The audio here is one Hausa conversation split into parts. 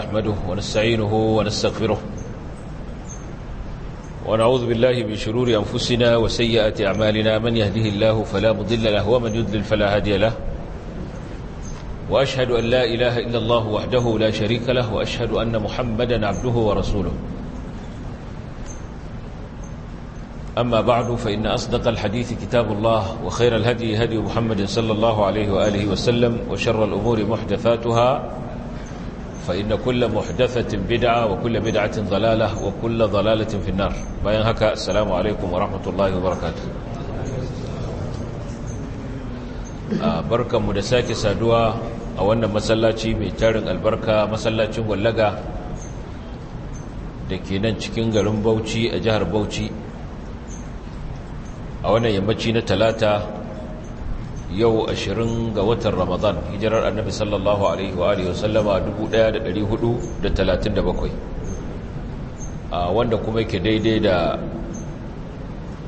نحمده ونستعينه ونستغفره ونعوذ بالله من شرور أنفسنا وسيئات أعمالنا من يهده الله فلا مضل له ومن يضلل فلا هادي له وأشهد أن لا إله إلا الله وحده لا شريك له وأشهد أن محمدا عبده ورسوله أما بعد فإن أصدق الحديث كتاب الله وخير الهدي هدي محمد صلى الله عليه وآله وسلم وشر الأمور محدثاتها فإن كل محدثة بدعة وكل بدعة ضلالة وكل ضلالة في النار بيان هكا السلام عليكم ورحمة الله وبركاته بركة مدساك سادوا أولا مسلاتي ميتارن البركة مسلاتي واللغة دكينا cikin garin Bauchi a jihar Bauchi a wannan yammaci na talata yau 20 ga watan ramadan hijirar annabi sallallahu alaihi wa alihi wasallama 1437 wanda kuma yake daidai da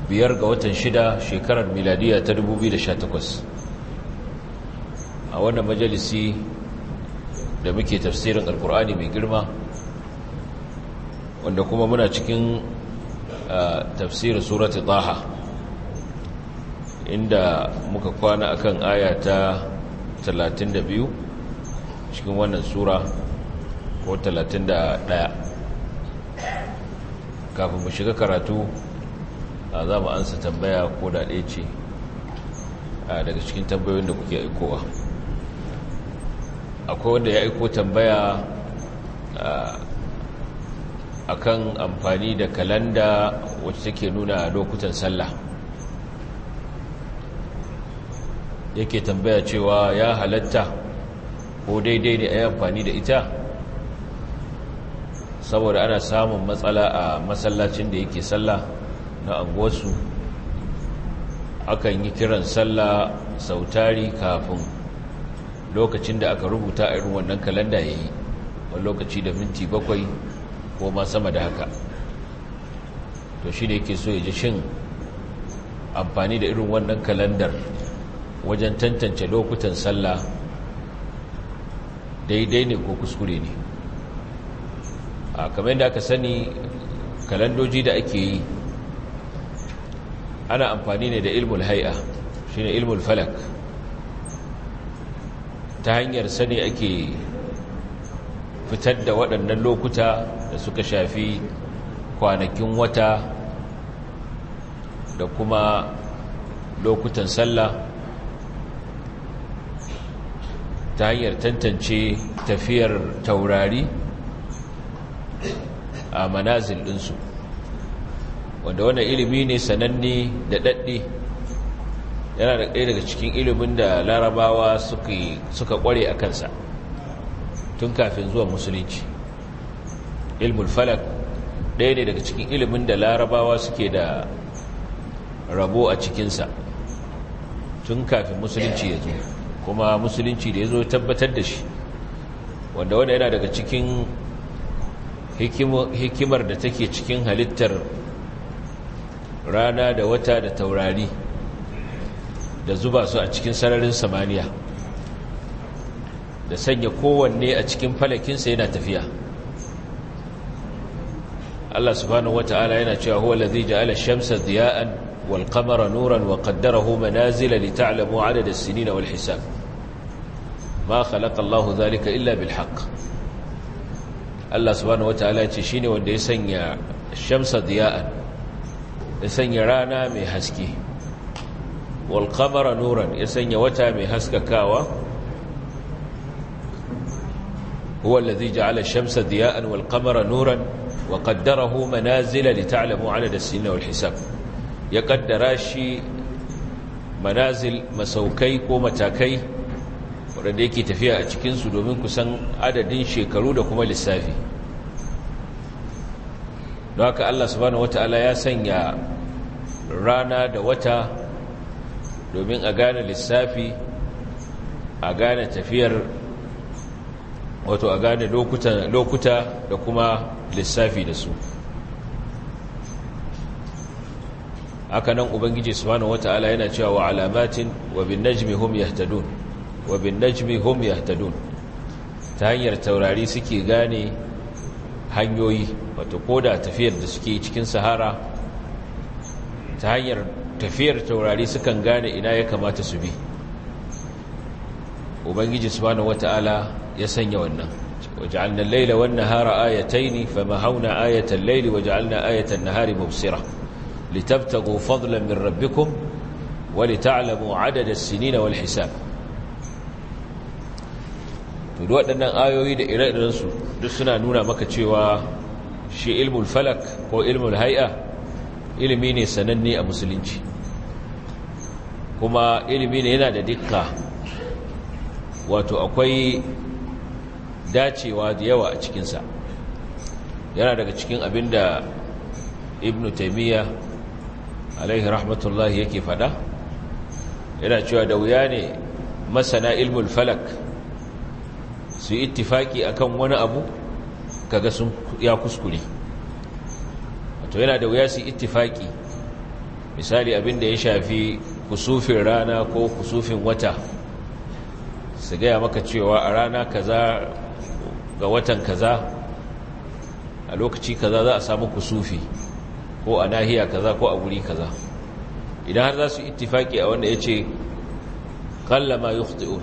biyar ga watan shida shekarar miladiya ta 2018 a wanda majalisi da muke tafsirin alkur'ani mai girma wanda kuma muna cikin tafsirin surat al-Dhaha. inda muka kwana akan aya ta 32 cikin wannan sura ko 31 kafin mu shiga karatu a za mu ansa tambaya ko da ɗaya ce daga cikin tambayoyin da kuke aikowa akwai wanda ya aiko tambaya akan amfani da kalanda wacce take nuna lokutan sallah yake tambaya cewa ya halatta ko daidai ne a yi amfani da ita saboda ana samun matsala a masallacin da yake sallah na angosu akan yi kiran sallah sautari kafin lokacin da aka rubuta irin wannan kalanda ya yi wani lokaci da minti bakwai ko ma sama da haka to shi da yake so ya ji shin amfani da irin wannan kalandar wajen tantance lokutan sallah daidai ne ko kuskure ne a kamar yadda aka sani kalandoji da ake yi ana amfani ne da ilmul hai'a shine ilmul falak ta hanyar sani ake fitar da waɗannan lokuta da suka shafi kwanakin wata da kuma lokutan sallah ta hanyar tantance tafiyar taurari a manazil ɗinsu wanda wani ilimi ne sananne da ɗaɗɗe yana da ɗaya daga cikin ilimin da larabawa suka ƙware a kansa tun kafin zuwa musulunci ilmul falak ɗaya ne daga cikin ilimin da larabawa suke da rabo a cikinsa tun kafin musulunci ya zo kuma musulunci da ya zo tabbatar da shi wanda wanda yana daga cikin hikimar da take cikin halittar rana da wata da taurari da zuba su a cikin sararin samaniya da sanya kowanne a cikin falakinsa yana tafiya Allah subhanahu wata'ala yana cewa huwa allazi ja'ala ash-shamsa diya'an والقمر نورا وقدره منازل لتعلموا عدد السنين والحساب ما خلق الله ذلك إلا بالحق الله سبحانه وتعالى تشيني وانده يسنع الشمس ضياء يسنع رانا مهسكي والقمر نورا يسنع وتا مهسك كاوة هو الذي جعل الشمس ضياء والقمر نورا وقدره منازل لتعلموا عدد السنين والحساب ya kaddara shi manazil masaukai ko matakai waɗanda yake tafiya a cikinsu domin kusan adadin shekaru da kuma lissafi don haka Allah subhanahu wata'ala ya sanya rana da wata domin a gane lissafi a gane tafiyar wato a gane lokuta da kuma lissafi da su haka nan ubangiji subhanahu wataala yana cewa wa alamatin wa bin najmi hum yahtadun wa bin najmi hum yahtadun ta hanyar taurari suke gane hanyoyi wato koda tafiyar da suke cikin sahara ta hanyar tafiyar taurari sukan gane ina ya kamata su bi ubangiji subhanahu wataala ya sanya wannan waja'alna al-laila wan-nahara ayatayn famahawna ayata al-layli waja'alna ayata an-nahari mubsirah litabtagu fadlan min rabbikum wa lita'lamu adada as-sinina wal hisab to duk waɗannan ayoyi da ire-iren su duk suna nuna maka cewa shi ilmul falak ko ilmul haia, ilimi ne sananne a musulunci kuma ilimi ne yana da dukka wato akwai dacewa da yawa a cikinsa yana daga cikin abinda da ibn taimiyya alaihi rahmatullahi yake fada yana cewa da wuya ne masana ilmul falak su yi ittifaki akan wani abu kaga sun ya kuskure wato yana da wuya su yi ittifaki misali abin da ya shafi kusufin rana ko kusufin wata su gaya maka cewa a rana kaza ga watan kaza a lokaci kaza za a samu kusufi ko a nahiya kaza ko a guri kaza idan har za su ittifaki a wanda ya ce kalla ma yukhti'u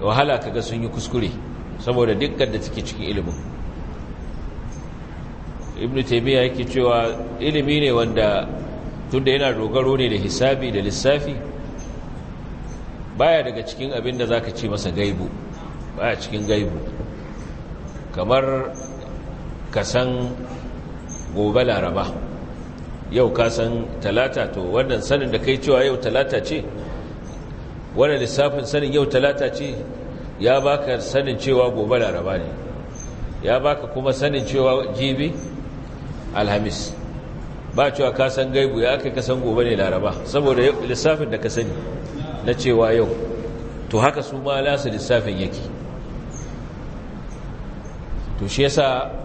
wahala kaga sun yi kuskure saboda dukkan da take cikin ilimin ibn taymiya yake cewa ilimi ne wanda tunda yana dogaro ne da hisabi da lissafi baya daga cikin abin da zaka ce masa gaibu baya cikin gaibu kamar ka san gobe laraba yau ka san talata to wannan sanin da kai cewa yau talata ce wannan lissafin sanin yau talata ce ya baka sanin cewa gobe laraba ne ya baka kuma sanin cewa jibi alhamis ba cewa ka san gaibu ya kai kasan gobe ne laraba saboda lissafin da ka sani na cewa yau to haka su ma lasa lissafin yake to shi yasa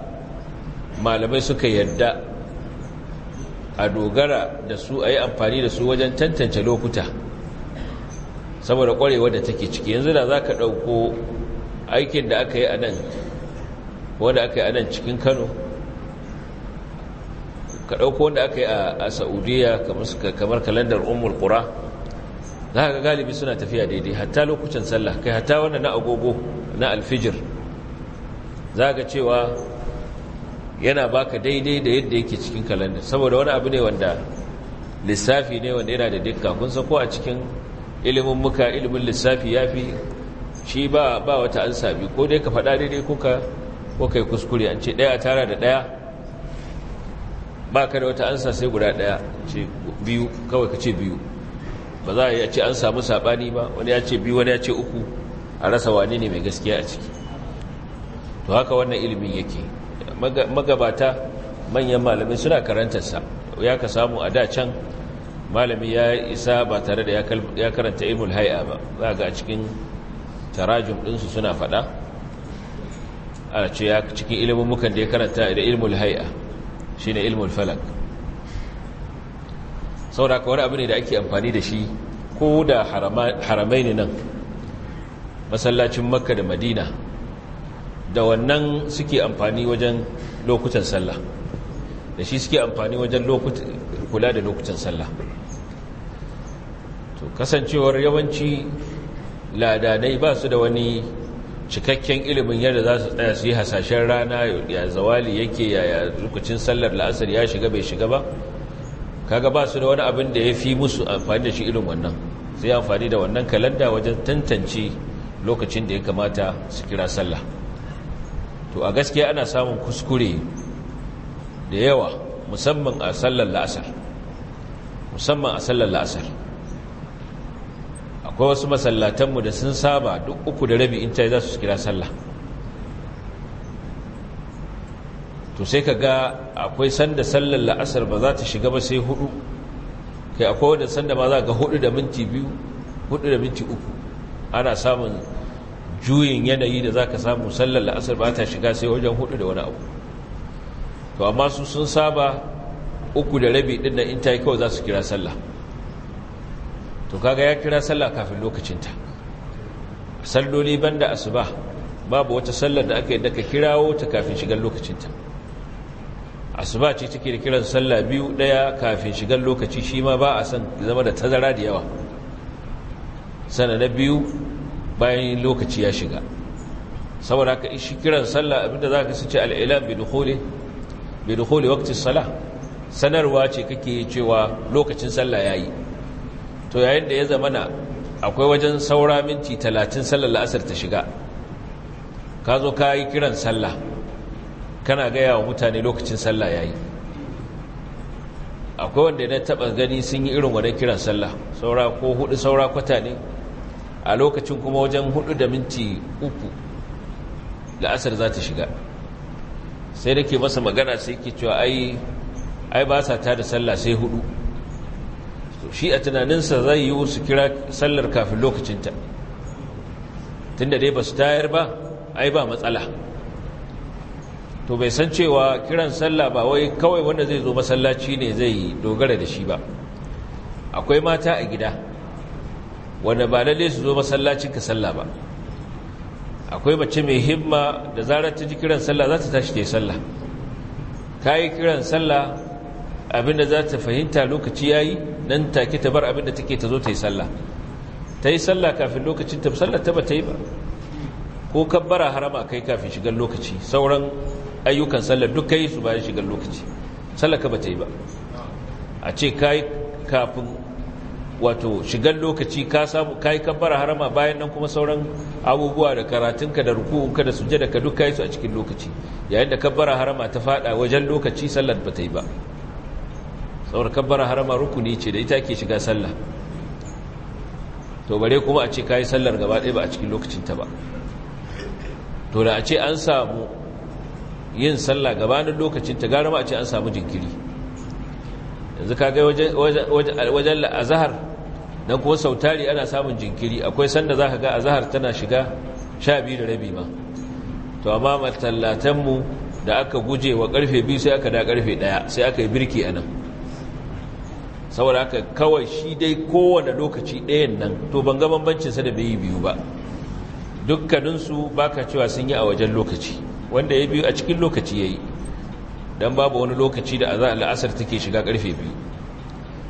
malamai suka yadda a dogara da su a yi amfani da su wajen tantance lokuta saboda kwarewa da take ciki yanzu da za ka ɗauko aikin da aka yi a nan wanda aka yi a nan cikin kano ka ɗauko wanda aka yi a saudiya kamar kalandar umar ƙura za ka galibi suna tafiya daidai hatta lokacin sallah kai hatta wanda na agogo na alfijir za ka cewa yana baka daidai da yadda yake cikin kalanda saboda wani abu ne wanda lissafi ne wanda yana da dukka kun san ko a cikin ilimin muka ilimin lissafi fi shi ba ba wata an sabi ko dai ka faɗa daidai ko ka ko kai kuskure an ce ɗaya tara da ɗaya ba ka da wata ansa sai guda ɗaya ce biyu kawai ka ce biyu ba za a yi a ce an samu saɓani ba wani ya ce biyu wani ya ce uku a rasa wane ne mai gaskiya a ciki to haka wannan ilimin yake magabata manyan malami suna karantarsa ya ka samu a dacan malami ya isa ba tare da ya karanta imul hai'a ba za ga cikin tarajum ɗinsu suna fada a ce ya cikin ilimin mukan da ya karanta da ilmul hai'a shi ne ilmul falak sauraka wani abu ne da ake amfani da shi ko da haramai ne nan masallacin makka da madina da wannan suke amfani wajen lokutan sallah da shi suke amfani wajen kula da lokutan sallah to kasancewar yawanci ladanai ba su da wani cikakken ilimin yadda za su tsaya su yi hasashen rana ya zawali yake yaya lokacin sallar la'asar ya shiga bai shiga ba kaga ba su da wani abin da ya fi musu amfani da shi irin wannan sai amfani da wannan kalanda wajen tantance lokacin da ya kamata su kira sallah to a gaskiya ana samun kuskure da yawa musamman a sallar la'asar musamman a sallar la'asar akwai wasu masallatanmu da sun saba duk uku da rabi in ta za su kira sallah to sai ka ga akwai sanda sallar la'asar ba za ta shiga ba sai hudu kai akwai wadda sanda ba za ga hudu da minti biyu hudu da minti uku ana samun juyin yanayi da za ka samu sallar la'asar ba ta shiga sai wajen hudu da wani abu to amma su sun saba uku da rabi ɗin na in ta yi kawai za su kira sallah to kaga ya kira sallah kafin lokacinta salloli banda asuba babu wata sallar da aka yi daga kirawo ta kafin shigar lokacinta asuba ce take da kiran sallah biyu ɗaya kafin shigar lokaci shi ma ba a san zama da tazara da yawa sana na biyu bayan lokaci ya shiga saboda ka shi kiran sallah abinda za ka su ce al'ilam bai dukole sallah sanarwa ce kake cewa lokacin sallah ya yi to yayin da ya zamana akwai wajen saura minti talatin sallar la'asar ta shiga ka zo ka yi kiran sallah kana gaya wa mutane lokacin sallah ya yi akwai wanda ya taba gani sun yi irin wadda kiran sallah saura ko hudu saura kwata ne a lokacin kuma wajen hudu da minti uku la'asar za ta shiga sai ke masa magana sai ke cewa ai ai ba sa ta da sallah sai hudu shi a tunaninsa zai yi su kira sallar kafin lokacinta tunda dai ba su tayar ba ai ba matsala to bai san cewa kiran sallah ba wai kawai wanda zai zo masallaci ne zai dogara da shi ba akwai mata a gida wanda ba lalle su zo masallacin ka sallah ba akwai mace mai himma da zarar ta ji kiran sallah za ta tashi ta yi sallah ka yi kiran sallah abinda za ta fahimta lokaci ya yi nan take ta bar abinda take ta zo ta yi sallah ta yi sallah kafin lokacin ta sallah ta ba ta yi ba ko kabbara harama kai kafin shigar lokaci sauran ayyukan sallah duk kai su bayan shigar lokaci sallah ka ba ta yi ba a ce ka yi kafin wato shigar lokaci ka samu kai kabbara harama bayan nan kuma sauran abubuwa da karatunka da ruku'unka da sujjadarka duk kai su a cikin lokaci yayin da kabbara harama ta fada wajen lokaci sallar ba ta yi ba saboda kabbara harama rukuni ce da ita ke shiga sallah to bare kuma a ce kai sallar gaba ɗaya ba a cikin lokacin ta ba to da a ce an samu yin sallah gabanin lokacin ta gara ma a ce an samu jinkiri yanzu kaga wajen azahar don kuma tari ana samun jinkiri akwai sanda za ka ga azahar tana shiga sha biyu da rabi ma to amma matallatanmu da aka guje wa karfe biyu sai aka da karfe daya sai aka yi birki a nan saboda aka kawai shi dai kowane lokaci ɗayan nan to ban ga bambancinsa da bai yi biyu ba dukkaninsu ba ka cewa sun yi a wajen lokaci wanda ya biyu a cikin lokaci ya yi don babu wani lokaci da a azan al'asar take shiga karfe biyu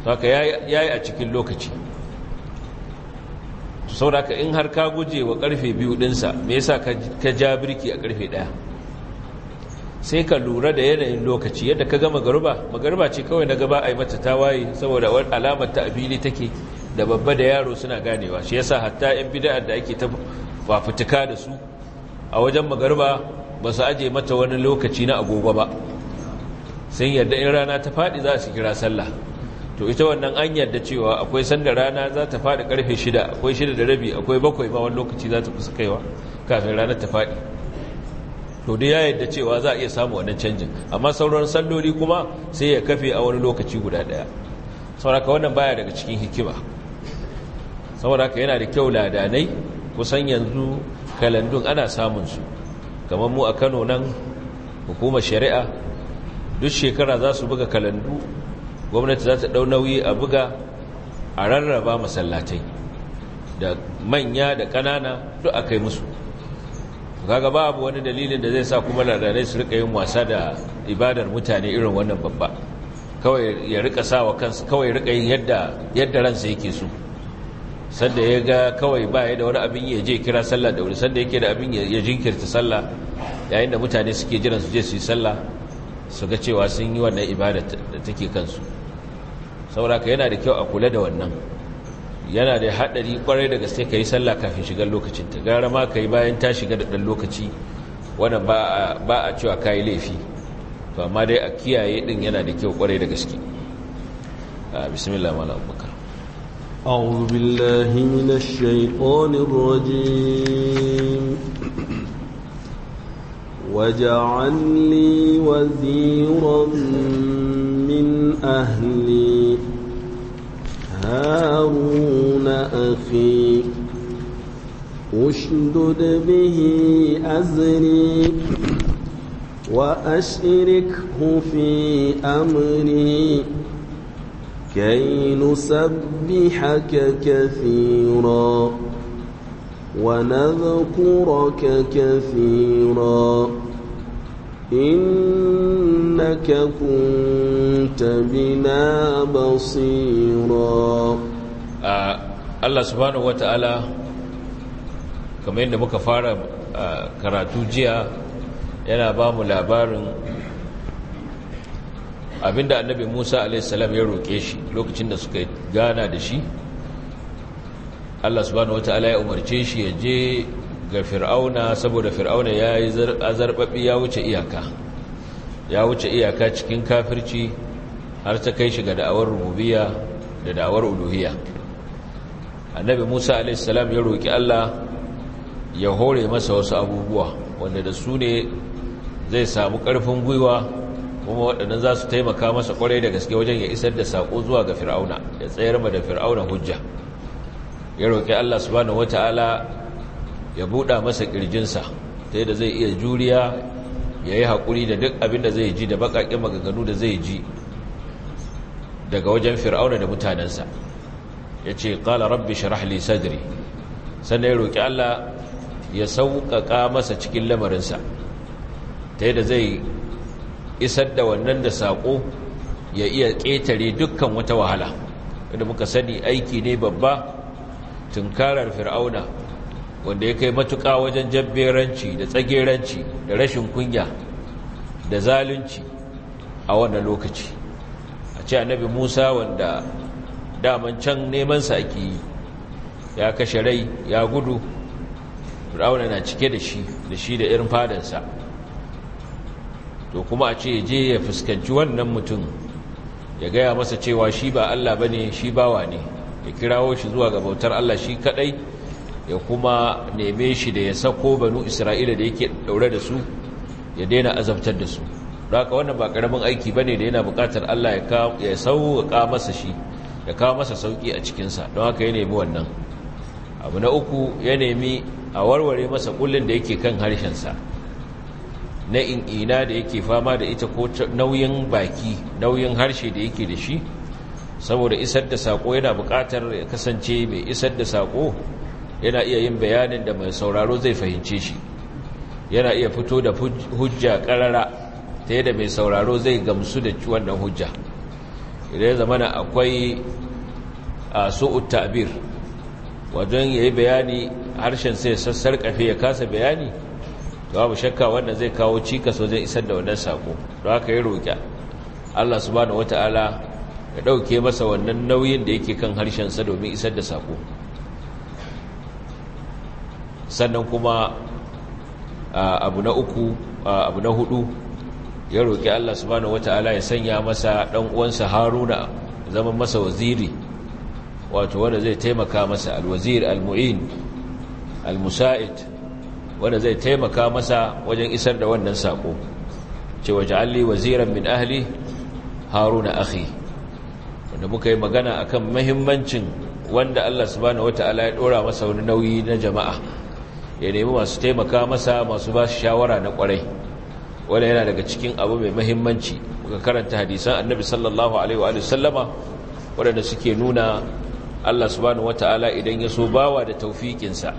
haka ya yi a cikin lokaci Sau ka in har ka guje wa karfe biyu dinsa me yasa ka ja birki a karfe daya sai ka lura da yanayin lokaci yadda ka ga magaruba magaruba ce kawai na gaba a yi mata tawaye saboda alamar ta abili take da babba da yaro suna ganewa shi yasa hatta yan bida'ar da ake ta fafutuka da su a wajen magaruba ba su aje mata wani lokaci na agogo ba sun yarda in rana ta faɗi za su kira sallah to ita wannan an yadda cewa akwai sanda rana za ta faɗi ƙarfe shida akwai shida da rabi akwai bakwai ba wani lokaci za ta kusa kaiwa kafin rana ta faɗi to dai ya yadda cewa za a iya samu wannan canjin amma sauran salloli kuma sai ya kafe a wani lokaci guda ɗaya sauraka wannan baya daga cikin hikima saboda haka yana da kyau ladanai kusan yanzu kalandun ana samun su kamar mu a kano nan hukumar shari'a duk shekara za su buga kalandu gwamnati za ta ɗau nauyi a buga a rarraba masallatai da manya da ƙanana duk a kai musu kaga babu wani dalilin da zai sa kuma ladarai su rika yin wasa da ibadar mutane irin wannan babba kawai ya rika wa kansu kawai rika yin yadda yadda ransa yake so sanda ya ga kawai ba ya da wani abin ya je kira sallah da wuri sanda yake da abin ya jinkirta sallah yayin da mutane suke jiran su je su yi sallah su ga cewa sun yi wannan ibada da take kansu ka yana da kyau a kula da wannan yana da haɗari kwarai da gaske ka yi sallah kafin shigar lokacinta gara ma ka yi bayan ta shiga da ɗan lokaci wannan ba a cewa ka yi laifi to amma dai a kiyaye ɗin yana da kyau kwarai da gaske أعوذ بالله من الشيطان الرجيم واجعل لي وزيرا من أهلي هارون أخي أشدد به أزري وأشركه في أمري كي نسبحك كثيراً ونذكرك كثيرا إنك كنت بنا بصيرا آه الله سبحانه وتعالى kamar yadda muka fara karatu jiya yana ba mu labarin abinda annabi musa a.s. ya roƙe shi lokacin da suka gana da shi Allah subhanahu wata'ala ya umarce shi ya je ga fir'auna saboda fir'auna ya yi azarbabi ya wuce iyaka ya wuce iyaka cikin kafirci har ta kai shi ga da'awar rububiyya da da'awar uluhiyya annabi Musa alaihi salam ya roki Allah ya hore masa wasu abubuwa wanda da su ne zai samu ƙarfin gwiwa kuma waɗannan za su taimaka masa ƙwarai da gaske wajen ya isar da saƙo zuwa ga fir'auna ya tsayar ma da fir'auna hujja ya roƙi Allah subhanahu wata'ala ya buɗa masa ƙirjinsa ta yadda zai iya juriya ya yi haƙuri da duk abin da zai ji da baƙaƙen maganganu da zai ji daga wajen fir'auna da mutanensa ya ce ƙala rabbi shirah li sadri sannan ya roƙi Allah ya sauƙaƙa masa cikin lamarinsa ta yadda zai isar da wannan da saƙo ya iya ƙetare dukkan wata wahala inda muka sani aiki ne babba tunkarar fir'auna wanda ya kai matuƙa wajen jabberanci da tsageranci da rashin kunya da zalunci a wannan lokaci a ce annabi musa wanda daman can neman sa ake yi ya kashe rai ya gudu fir'auna na cike da shi da shi da irin fadansa to kuma a ce je ya fuskanci wannan mutum ya gaya masa cewa shi ba allah ba ne shi bawa ne ya kirawo shi zuwa ga bautar Allah shi kadai ya kuma neme shi da ya sako banu isra'ila da yake daure da su ya daina azabtar da su haka wannan ba karamin aiki bane da yana bukatar Allah ya sauka masa shi ya kawo masa sauki a cikin sa don haka ya nemi wannan abu na uku ya nemi a warware masa kullun da yake kan harshen sa na in'ina da yake fama da ita ko nauyin baki nauyin harshe da yake da shi saboda isar da sako yana buƙatar ya kasance mai isar da sako yana iya yin bayanin da mai sauraro zai fahimce shi yana iya fito da hujja ƙarara ta yadda mai sauraro zai gamsu da wannan hujja idan zamana akwai a su'ud ta'bir wajen yi bayani harshen sai sassar kafe ya kasa bayani to babu shakka wannan zai kawo cikas wajen isar da wannan sako don haka ya roƙi Allah subhanahu wataala ya ɗauke masa wannan nauyin da yake kan harshensa domin isar da saƙo sannan kuma abu na uku abu na hudu ya roƙi Allah subhanahu wata'ala ya sanya masa ɗan uwansa Haruna zaman masa waziri wato wanda zai taimaka masa alwazir almu'in almusa'id wanda zai taimaka masa wajen isar da wannan sako cewa ja'alli waziran min ahli Haruna akhi da muka yi magana akan mahimmancin wanda Allah subhanahu wata'ala ya dora masa wani nauyi na jama'a ya nemi masu taimaka masa masu ba shawara na kwarai wanda yana daga cikin abu mai mahimmanci muka karanta hadisan annabi sallallahu alaihi wa sallama waɗanda suke nuna Allah subhanahu ala idan ya so bawa da taufikinsa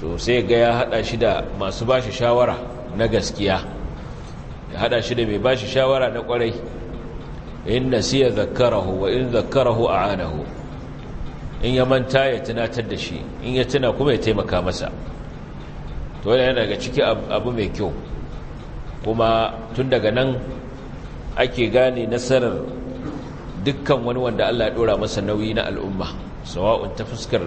to sai ga ya hada shi da masu ba shi shawara na gaskiya ya haɗa shi da mai ba shi shawara na kwarai in nasiya zakkarahu wa in zakkarahu a'anahu in ya manta ya tunatar da shi in ya tuna kuma ya taimaka masa to yana daga ciki abu mai kyau kuma tun daga nan ake gane nasarar dukkan wani wanda Allah ya dora masa nauyi na al'umma sawa'un ta fuskar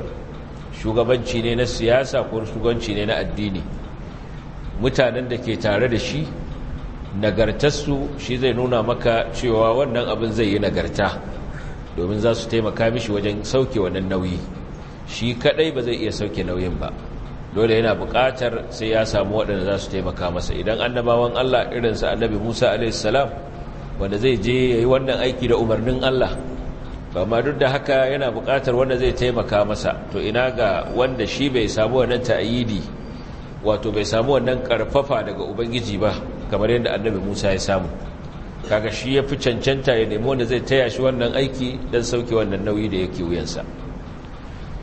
shugabanci ne na siyasa ko shugabanci ne na addini mutanen da ke tare da shi nagartarsu shi zai nuna maka cewa wannan abin zai yi nagarta domin za su taimaka mishi wajen sauke wannan nauyi shi kadai ba zai iya sauke nauyin ba dole yana bukatar sai ya samu waɗanda za su taimaka masa idan annabawan Allah irinsa annabi Musa alaihissalam wanda zai je ya yi wannan aiki da umarnin Allah ba ma duk da haka yana bukatar wanda zai taimaka masa to ina ga wanda shi bai samu wannan ta'ayidi wato bai samu wannan karfafa daga ubangiji ba kamar yadda annabi musa ya samu kaga shi ya fi cancanta ya nemi wanda zai taya shi wannan aiki don sauke wannan nauyi da yake wuyansa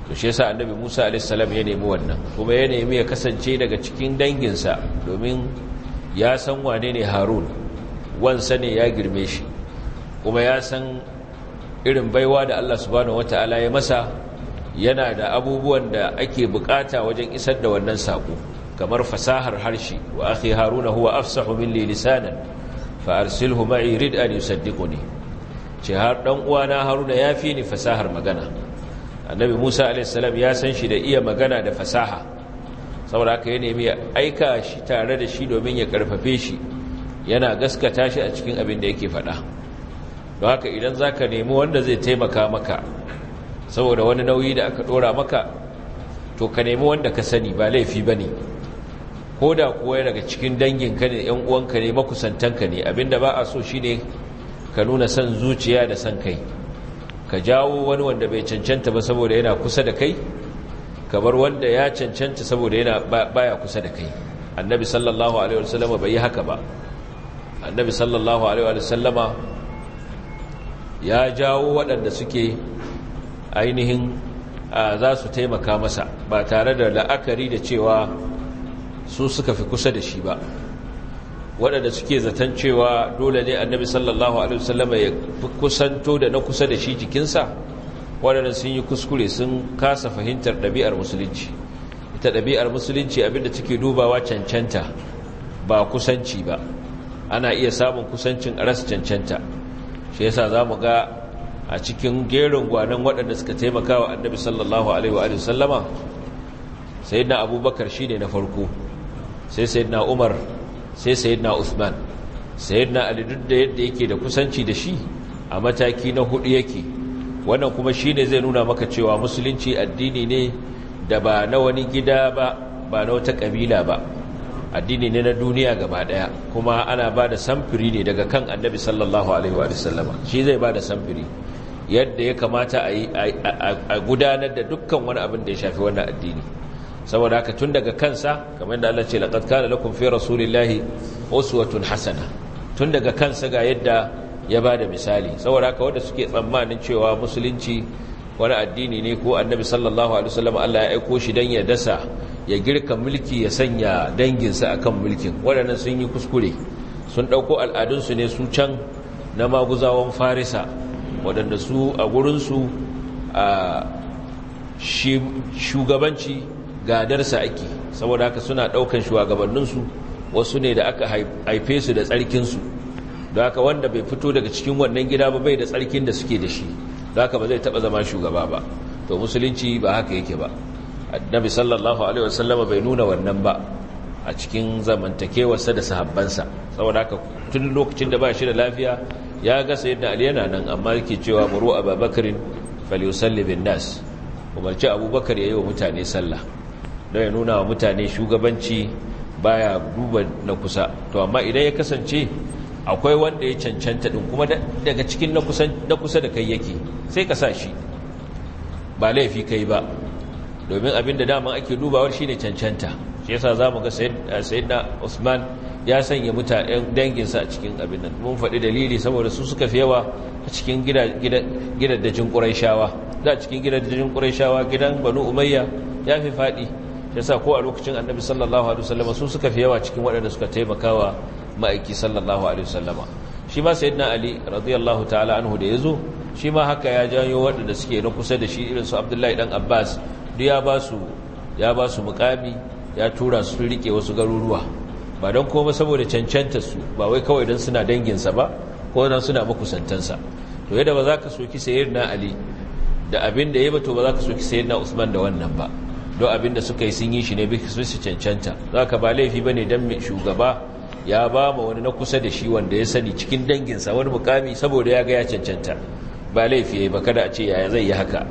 to shi yasa annabi musa alaihissalam ya nemi wannan kuma ya nemi ya kasance daga cikin danginsa domin ya san wane ne harun wansa ne ya girme shi kuma ya san irin baiwa da allah subhanahu ala ya masa yana da abubuwan da ake bukata wajen isar da wannan saƙo kamar fasahar harshe wa akhi haruna huwa afsahu minni lisanan fa arsilhu ma'i rid an yusaddiquni ce har dan uwana haruna yafi ni fasahar magana annabi musa alayhis salam ya san shi da iya magana da fasaha saboda haka ya nemi ya aika shi tare da shi domin ya karfafe shi yana gaskata shi a cikin abin da yake faɗa don haka idan za ka nemi wanda zai taimaka maka saboda wani nauyi da aka ɗora maka to ka nemi wanda ka sani ba laifi ba ne ko da kuwa daga cikin danginka ne ‘yan uwanka ne makusantanka ne abinda ba a so shi ne ka nuna son zuciya da son kai ka jawo wani wanda bai cancanta ba saboda yana kusa da kai ka bar wanda ya cancanta saboda yana baya kusa da kai annabi sallallahu alaihi wasallama bai yi haka ba annabi sallallahu alaihi wasallama ya jawo waɗanda suke ainihin za su taimaka masa ba tare da la'akari da cewa su suka fi kusa da shi ba waɗanda suke zaton cewa dole ne annabi sallallahu alaihi wasallama ya kusanto da na kusa da shi jikinsa waɗanda sun yi kuskure sun kasa fahimtar ɗabi'ar musulunci ita ɗabi'ar musulunci abinda take dubawa cancanta ba kusanci ba ana iya samun kusancin a rasa cancanta shi yasa za mu ga a cikin gerin gwanon waɗanda suka taimaka wa annabi sallallahu alaihi wasallama sai na abubakar shi ne na farko sai sayyidina umar sai sayyidina usman sayyidina ali duk da yadda yake da kusanci da shi a mataki na hudu yake wannan kuma shine zai nuna maka cewa musulunci addini ne da ba na wani gida ba ba na wata kabila ba addini ne na duniya gaba daya kuma ana ba da samfuri ne daga kan annabi sallallahu alaihi wa sallama shi zai ba da samfuri yadda ya kamata a gudanar da dukkan wani abin da ya shafi wannan addini saboda haka tun daga kansa kamar yadda Allah ce laqad kana lakum fi rasulillahi uswatun hasana tun daga kansa ga yadda ya bada misali saboda haka wanda suke tsammanin cewa musulunci wani addini ne ko annabi sallallahu alaihi wasallam Allah ya aiko shi dan ya dasa ya girka mulki ya sanya dangin danginsa akan mulkin waɗannan sun yi kuskure sun ɗauko al'adunsu ne su can na maguzawan farisa waɗanda su a gurin su a shugabanci gadarsa ake saboda haka suna ɗaukan shugabanninsu wasu ne da aka haife su da tsarkinsu da haka wanda bai fito daga cikin wannan gida ba bai da tsarkin da suke da shi da haka ba zai taɓa zama shugaba ba to musulunci ba haka yake ba annabi sallallahu alaihi wasallama bai nuna wannan ba a cikin zamantakewarsa da sahabbansa saboda haka tun lokacin da ba shi da lafiya ya ga sayyidina ali yana nan amma yake cewa muru ababakarin falyusalli bin nas umarci abubakar yayi wa mutane sallah don ya nuna wa mutane shugabanci baya duba na kusa to amma idan ya kasance akwai wanda ya cancanta din kuma daga cikin na kusa da kai yake sai ka sa shi ba laifi kai ba domin abin da dama ake dubawar shine cancanta shi yasa mu ga eh, sayyidina Usman ya sanya mutanen eh, danginsa a cikin abin nan mun faɗi dalili saboda su suka fi yawa a cikin gidaddajin za a cikin gidaddajin gidan Banu Umayya ya fi faɗi shi yasa ko a lokacin annabi sallallahu alaihi wasallama su suka fi yawa cikin waɗanda suka taimakawa wa ma'aiki sallallahu alaihi wasallama shi ma sayyidina ali radiyallahu ta'ala anhu da yazo shi ma haka ya janyo waɗanda suke na kusa da shi irin su abdullahi dan abbas duk ya ba su ya ba su muƙami ya tura su rike wasu garuruwa ba don koma saboda cancanta su ba wai kawai don suna danginsa ba ko don suna makusantansa to yadda ba za ka soki sayyidina ali da abin da ya bato ba za ka soki sayyidina usman da wannan ba don abin da suka yi sun yi shi ne bisu cancanta za ka ba laifi ba ne don shugaba ya ba ma wani na kusa da shi wanda ya sani cikin danginsa wani mukami saboda ya ga ya cancanta ba laifi ya yi ba kada a ce yaya zai yi haka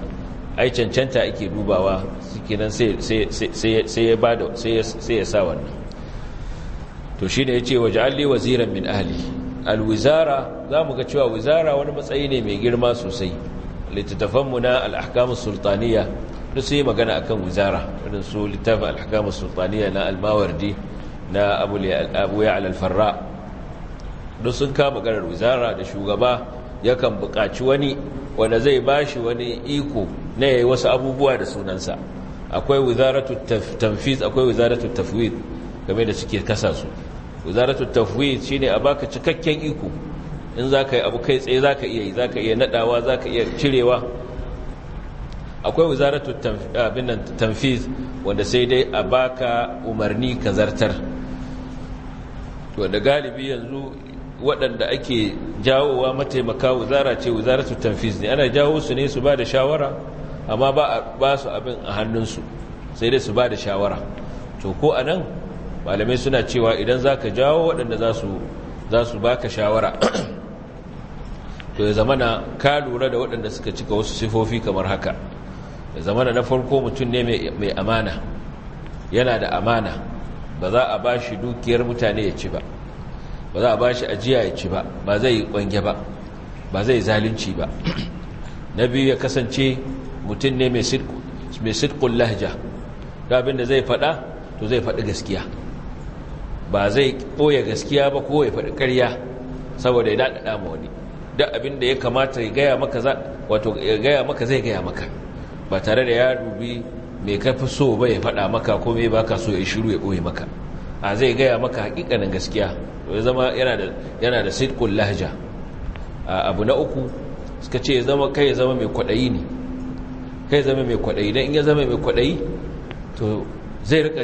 ai cancanta ake dubawa suke nan sai ya sa wannan to shi ne ya ce waje alli waziran min ahli alwizara za mu ga cewa wizara wani matsayi ne mai girma sosai littattafanmu na alakamun sultaniya da su yi magana a kan wuzara wadda su littafin alhakamun sultaniya na almawardi na abu ya alalfarra duk sun kama maganar wuzara da shugaba yakan buƙaci wani wanda zai ba shi wani iko na yayi wasu abubuwa da sunansa akwai wuzaratu tamfiz akwai wuzaratu tafwid game da suke kasa su wuzaratu tafwid shine a baka cikakken iko in za ka yi abu kai tsaye za ka iya yi za ka iya naɗawa za ka iya cirewa akwai wuzaratu abin tanfiz wanda sai dai a baka umarni ka zartar to da galibi yanzu waɗanda ake jawowa mataimaka wuzara ce wuzaratu tanfiz ne ana jawo su ne su ba da shawara amma ba su abin a hannunsu sai dai su ba da shawara to ko a nan malamai suna cewa idan zaka ka jawo waɗanda za su ba ka shawara to ya zamana ka lura da waɗanda suka cika wasu sifofi kamar haka ya zama na farko mutum ne mai amana yana da amana ba za a ba shi dukiyar mutane ya ci ba ba za a ba shi ajiya ya ci ba ba zai yi kwange ba ba zai zalunci ba na biyu ya kasance mutum ne mai sidkun lahja da abinda zai faɗa to zai faɗi gaskiya ba zai ɓoye gaskiya ba ko ya faɗi karya saboda ya daɗaɗa ma wani da abinda ya kamata ya gaya maka zai gaya maka ba tare da ya dubi mai kafi so ba ya faɗa maka ko mai baka so ya shiru ya ɓoye maka a zai gaya maka hakikanin gaskiya ya zama yana da sitkun lahja abu na uku suka ce zama kai ya zama mai kwaɗayi ne kai zama mai kwaɗayi don in ya zama mai kwaɗayi to zai rika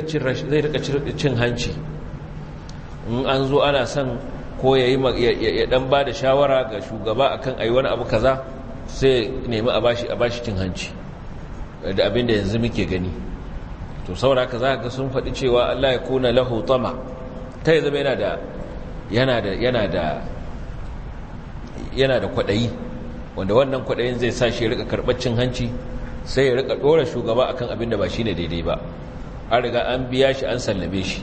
cin hanci in an zo ana son ko ya yi dan ba da shawara ga shugaba akan ayi wani abu kaza sai nemi a bashi cin hanci da abin da yanzu muke gani to sauraka za ga sun faɗi cewa Allah ya kuna lahu tama ta yi zama yana da yana da yana da yana da kwaɗayi wanda wannan kwaɗayin zai sa shi ya rika karɓar cin hanci sai ya rika ɗora shugaba akan abin da ba shi ne daidai ba an riga an biya shi an sallame shi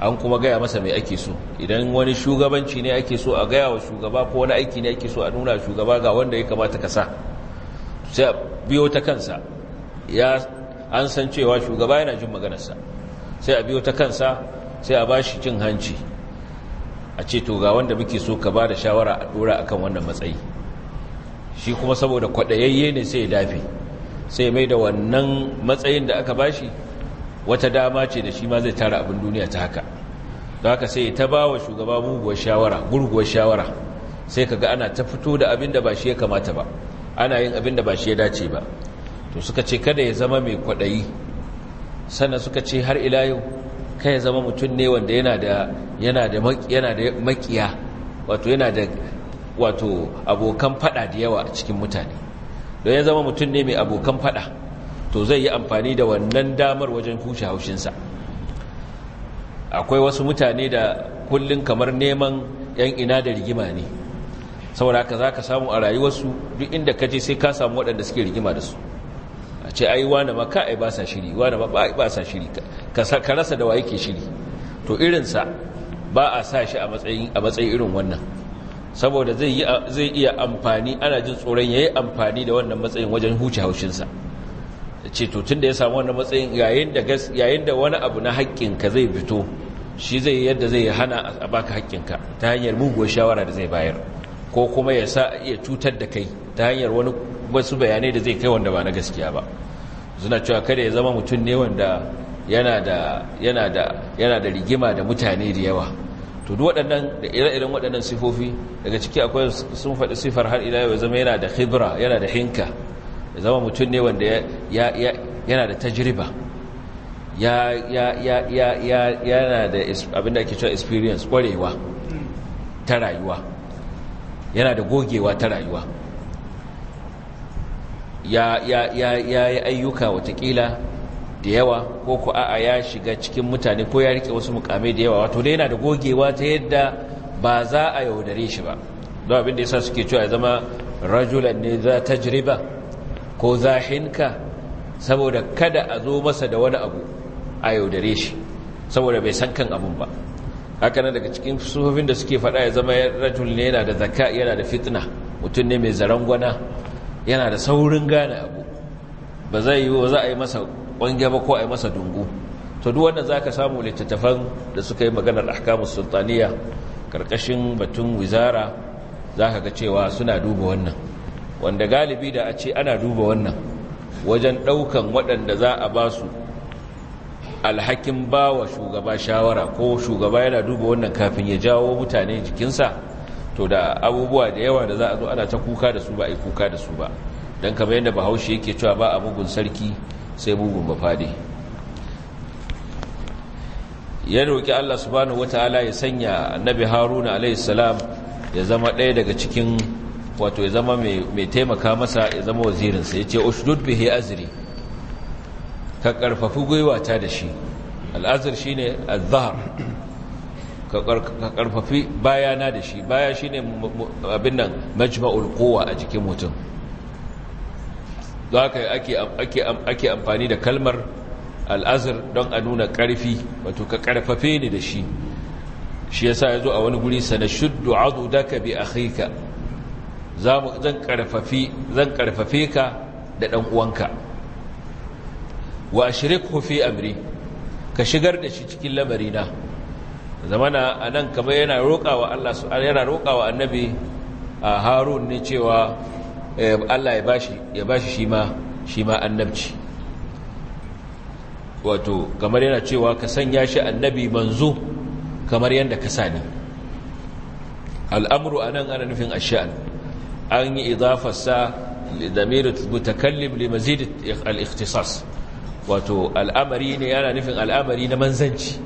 an kuma gaya masa mai ake so idan wani shugabanci ne ake so a gaya wa shugaba ko wani aiki ne ake so a nuna shugaba ga wanda ya kamata ka sa sai biyo ta kansa ya an san cewa shugaba yana jin maganarsa sai a biyo ta kansa sai a bashi cin hanci a ce to ga wanda muke so ka ba da shawara a dora akan wannan matsayi shi kuma saboda kwadayayye ne sai ya dafe sai mai da wannan matsayin da aka bashi wata dama ce da shi ma zai tara abin duniya ta haka don haka sai ta ba wa shugaba muguwar shawara gurguwar shawara sai kaga ana ta fito da abin da ba shi ya kamata ba ana yin abin da ba shi ya dace ba to suka ce kada ya zama mai kwaɗayi sannan suka ce har ila yau kai ya zama mutum ne wanda yana da yana da yana da makiya wato yana da wato abokan fada da yawa a cikin mutane don ya zama mutum ne mai abokan fada to zai yi amfani da wannan damar wajen kushe haushinsa akwai wasu mutane da kullun kamar neman yan ina da rigima ne saboda haka za ka samu a rayuwarsu duk inda ka je sai ka samu waɗanda suke rigima da su a ce ai wani ma ka ba sa shiri wani ma ba sa shiri ka rasa da wa yake shiri to irinsa ba a sa shi a matsayin irin wannan saboda zai iya amfani ana jin tsoron ya yi amfani da wannan matsayin wajen huce haushinsa ce to tun da ya samu wannan matsayin yayin da wani abu na haƙƙinka zai fito shi zai yadda zai hana a baka haƙƙinka ta hanyar muguwar shawara da zai bayar ko kuma ya sa iya cutar da kai ta hanyar wani wasu bayanai da zai kai wanda ba na gaskiya ba suna cewa kada ya zama mutum ne wanda yana da rigima da mutane da yawa to duk waɗannan da ire-iren waɗannan sifofi daga ciki akwai sun faɗi sifar har ila ya zama yana da khibra yana da hinka ya zama mutum ne wanda yana da tajriba yana da abin da ake cewa experience kwarewa ta rayuwa yana da gogewa ta rayuwa ya yi ayyuka watakila da yawa ko ku a'a ya shiga cikin mutane ko ya rike wasu mukamai da yawa wato dai yana da gogewa ta yadda ba za a yaudare shi ba don abin da yasa suke cewa ya zama rajulan ne za tajriba ko zahinka saboda kada a zo masa da wani abu a yaudare shi saboda bai san kan abun ba haka daga cikin sufofin da suke faɗa ya zama rajul ne yana da zaka yana da fitna mutum ne mai zarangwana yana da saurin gane abu ba zai yi wa za a yi masa ƙwangiya ba ko a yi masa dungu to duk za zaka samu littattafan da suka yi maganar ahkamu sultaniya ƙarƙashin batun wizara ka ga cewa suna duba wannan wanda galibi da a ce ana duba wannan wajen ɗaukan waɗanda za a ba su alhakin ba wa shugaba shawara ko shugaba yana duba wannan kafin ya jawo mutane jikinsa to da abubuwa da yawa da za a zo ana ta kuka da su ba a yi kuka da su ba don kamar yadda bahaushe yake cewa ba a mugun sarki sai mugun mafade ya roƙi allah subhanahu wataala ya sanya annabi haruna alaihissalam ya zama ɗaya daga cikin wato ya zama mai taimaka masa ya zama wazirinsa ya ce ushdud bihi azri ka karfafi gwiwata da shi al'azar shine al-zahar ka karfafi bayana da shi baya shine abin nan majma'ul kowa a jikin mutum za ka ake amfani da kalmar al'azar don a nuna karfi wato ka karfafe ni da shi shi ya yazo a wani guri sana shuddu adudaka bi a zan karfafi zan karfafe ka da ɗan uwanka wa ashrikhu fi amri ka shigar da shi cikin lamarina zamana anan kamar yana roƙawa Allah yana roƙawa annabi a Harun ne cewa eh, Allah ya bashi ya bashi shi ma shi ma annabci wato kamar yana cewa ka sanya shi annabi manzo kamar yadda ka sani al'amru anan ana nufin ash'an an yi idafarsa da mirat mutakallim li mazid al-ikhtisas wato al'amari ne yana nufin al'amari na manzanci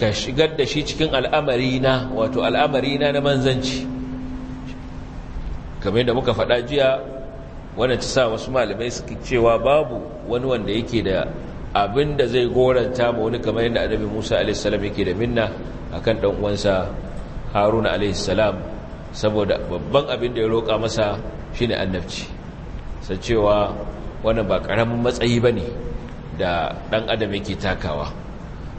ka shigar da shi cikin al'amari na wato al'amari na na manzanci kamar da muka faɗa jiya wanda ta sa wasu malamai suke cewa babu wani wanda yake da abin da zai goranta ma wani kamar yadda annabi Musa alaihi salam yake da minna akan dan uwansa Haruna alaihi saboda babban abin da ya roƙa masa shine annabci sai cewa wannan ba ƙaramin matsayi bane da ɗan adam yake takawa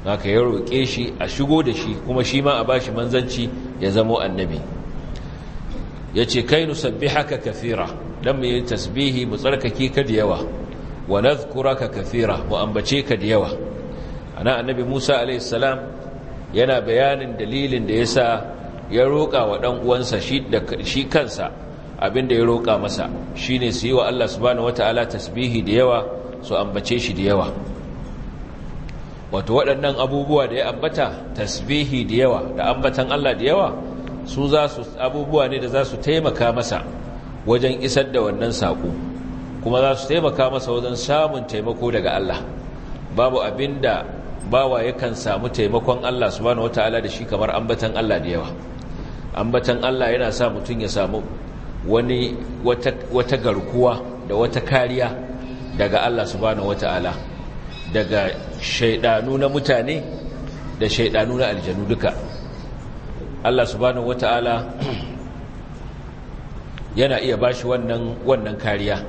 haka ya roƙe shi a shigo da shi kuma shi ma a bashi manzanci ya zamo annabi ya ce kai sabbi haka kafira Dan mu tasbihi mu tsarkake ka da yawa wa nazkura ka kafira mu ambace ka da yawa ana annabi musa alaihissalam yana bayanin dalilin da ya sa ya roƙa wa ɗan uwansa shi kansa abinda ya roƙa masa shine su yi wa allah subhanahu wataala tasbihi da yawa su ambace shi da yawa wato waɗannan abubuwa da ya ambata tasbihi da yawa da ambatan Allah da yawa su za su abubuwa ne da za su taimaka masa wajen isar da wannan saƙo kuma za su taimaka masa wajen samun taimako daga Allah babu abinda bawa yakan samu taimakon Allah wata wataala da shi kamar ambatan Allah da yawa ambatan Allah yana sa mutum ya samu wani wata, wata garkuwa da wata kariya daga Allah subhanahu wata'ala daga shaidanu na mutane da shaidanu na aljanu duka Allah subhanahu wata'ala yana iya bashi wannan wannan kariya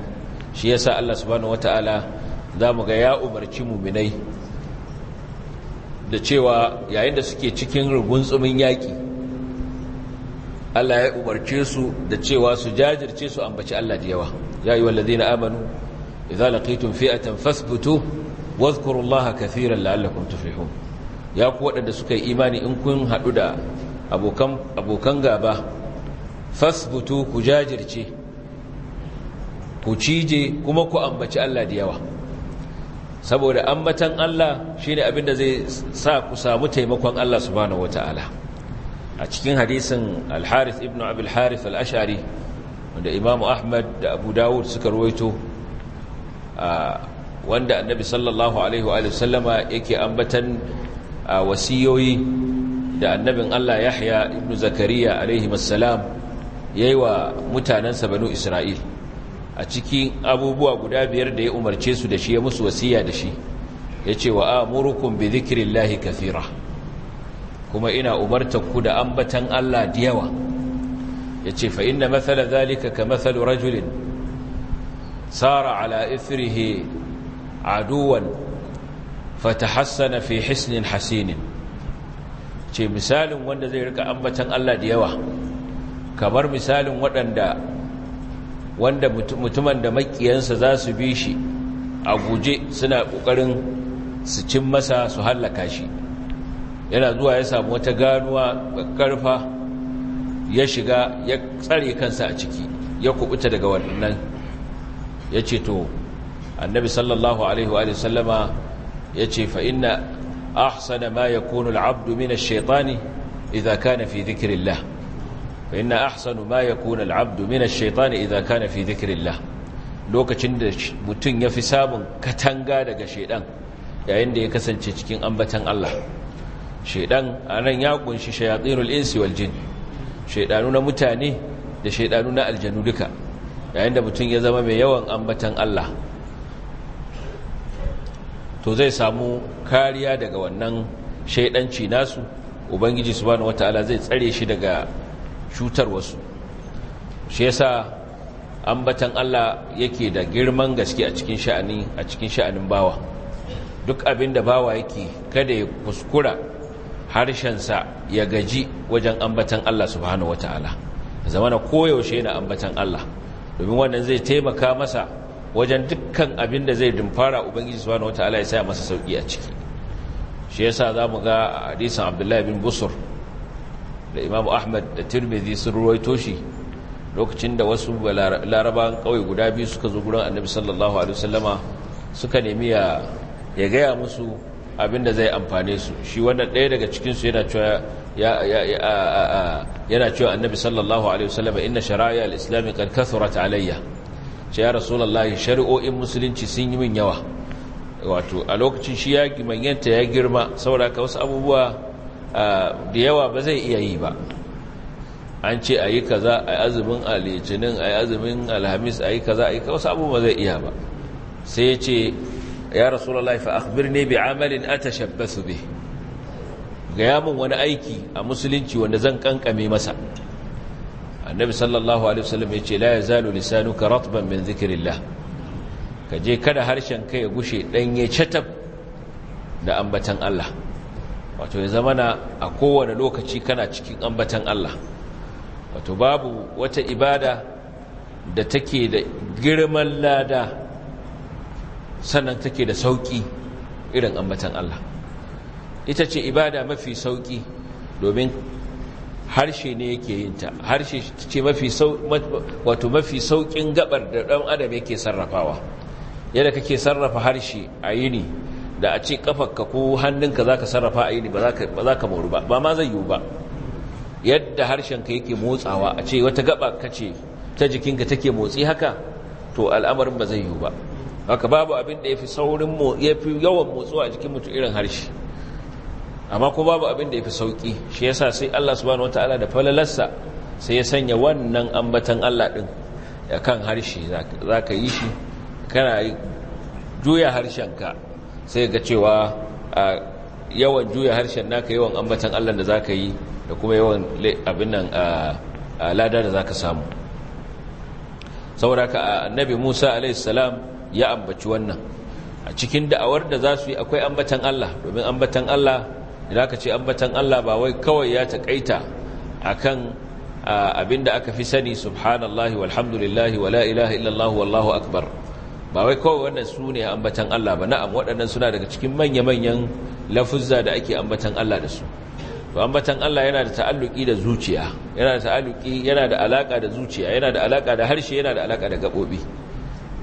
shi yasa Allah subhanahu wata'ala zamu ga ya umarci muminai da cewa yayin da suke cikin tsumin yaki Allah ya umarce su da cewa su jajirce su ambaci Allah da yawa ya ayyuhallazina amanu idza laqitum fi'atan fasbutu wadhkurullaha katiran la'allakum tuflihun ya ku waɗanda suka yi imani in kun haɗu da abokan abokan gaba fasbutu ku jajirce ku cije kuma ku ambaci Allah da yawa saboda ambatan Allah shine abin da zai sa ku samu taimakon Allah subhanahu wataala a cikin hadisin al-Harith ibn Abi al al-Ash'ari wanda Imam Ahmad da Abu Dawud suka ruwaito Ah, wanda annabi sallallahu alaihi wa sallama yake ambatan ah, wasiyoyi da annabin Allah Yahya ibn Zakariya alaihi wassalam yayi wa mutanansa banu Isra'il a cikin abubuwa guda biyar da ya umarce su da shi ya musu wasiya da shi yace wa amurukum bi dhikrillahi kathira kuma ina umarta ku da ambatan Allah da yawa yace fa inna mathala zalika ka mathalu rajulin sara ala ithrihi aduwan fatahassana fi hisnin hasinin ce misalin wanda zai rika ambatan Allah da yawa kamar misalin waɗanda wanda mutumin da makiyansa za su bi shi a guje suna ƙoƙarin su cin masa su hallaka shi yana zuwa ya samu wata ganuwa ƙarfa ya shiga ya tsare kansa a ciki ya kubuta daga waɗannan. ya ce to annabi sallallahu alaihi wa sallama ya ce fa'ina ahsana ma ya kunu al'abdu mina shaitani idan kana fi zikirillah fa'ina ahsanu ma ya kunu al'abdu mina shaitani idan kana fi zikirillah lokacin da mutum ya fi samun katanga daga shaidan yayin da ya kasance cikin ambatan Allah shaidan a nan ya kunshi shayatsinul insi wal jin shaidanu na mutane da shaidanu na aljanu duka yayin da mutum ya zama mai yawan ambatan Allah to zai samu kariya daga wannan shaidanci nasu ubangiji subhanahu wataala zai tsare shi daga cutar wasu shi yasa ambatan Allah yake da girman gaske a cikin sha'ani a cikin sha'anin bawa duk abin da bawa yake kada ya kuskura harshen sa ya gaji wajen ambatan Allah subhanahu wataala zamana koyaushe yana ambatan Allah domin wannan zai taimaka masa wajen dukkan abin da zai dumfara ubangiji subhanahu wataala ya sa masa sauki a ciki shi yasa zamu ga a hadisin Abdullahi bin Busur da Imam Ahmad da Tirmidhi sun ruwaito shi lokacin da wasu larabawan kauye guda biyu suka zo gurin Annabi sallallahu alaihi wasallama suka nemi ya gaya musu abinda zai amfane su shi wannan ɗaya daga cikinsu yana cewa yana cewa annabi sallallahu alaihi wasallam inna shara'i al-islam qad kathurat alayya ce ya rasulullahi shari'o'in musulunci sun yi min yawa wato a lokacin shi ya manyanta ya girma saboda ka wasu abubuwa da yawa ba zai iya yi ba an ce ayi kaza a azumin litinin a azumin alhamis a yi kaza a yi wasu abubuwa zai iya ba sai ya ce ya rasulullahi fa akhbirni bi amalin atashabbasu bih gaya min wani aiki a musulunci wanda zan kankame masa annabi sallallahu alaihi wasallam yace la yazalu lisanuka ratban min dhikrillah kaje kada harshen kai ya gushe ya chatab da ambatan Allah wato ya zamana a kowane lokaci kana cikin ambatan Allah wato babu wata ibada da take da girman lada sannan take da sauƙi irin ambatan Allah ita ce ibada mafi sauƙi domin harshe ne yake yin ta harshe ce mafi wato mafi sauƙin gabar da ɗan adam yake sarrafawa yadda kake sarrafa harshe a yini da a ce kafarka ko hannunka za ka sarrafa a yini ba za ka moru ba ba ma zai yiwu ba yadda harshenka yake motsawa a ce wata gaba kace ta jikinka take motsi haka to al'amarin ba zai yiwu ba haka babu abin da ya fi saurin ya fi yawan motsuwa a jikin mutum irin harshe amma ko babu abin da ya fi sauƙi shi yasa sai Allah subhanahu wataala da falalarsa sai ya sanya wannan ambatan Allah ɗin ya kan harshe za ka yi shi kana juya harshenka sai ga cewa a yawan juya harshen naka yawan ambatan Allah da za ka yi da kuma yawan abin nan a lada da za ka samu saboda ka annabi musa salam. ya ambaci wannan a cikin da'awar da za su yi akwai ambatan Allah domin ambatan Allah idan ka ce ambatan Allah ba wai kawai ya taƙaita akan abin da aka fi sani subhanallahi walhamdulillahi la ilaha illallah wallahu akbar ba wai kawai wannan su ne ambatan Allah ba na'am waɗannan suna daga cikin manya-manyan lafuzza da ake ambatan Allah da su to ambatan Allah yana da ta'alluki da zuciya yana da ta'alluki yana da alaka da zuciya yana da alaka da harshe yana da alaka da gabobi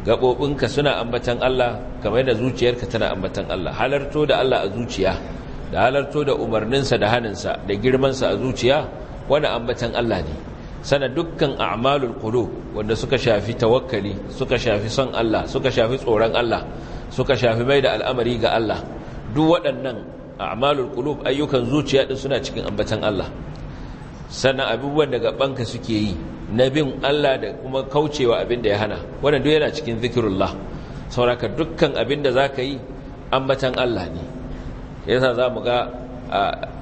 gaɓoɓinka suna ambatan Allah kamar da zuciyarka tana ambatan Allah halarto da Allah a zuciya da halarto da umarninsa da haninsa da girmansa a zuciya wani ambatan Allah ne sana dukkan a'malul qulub wanda suka shafi tawakkali suka shafi son Allah suka shafi tsoron Allah suka shafi mai da al'amari ga Allah duk waɗannan a'malul qulub ayyukan zuciya din suna cikin ambatan Allah sana abubuwan daga banka suke yi na bin Allah da kuma kaucewa abin da ya hana wannan duk yana cikin zikirullah sauraka dukkan abin da zaka yi ambatan Allah ne yasa zamu ga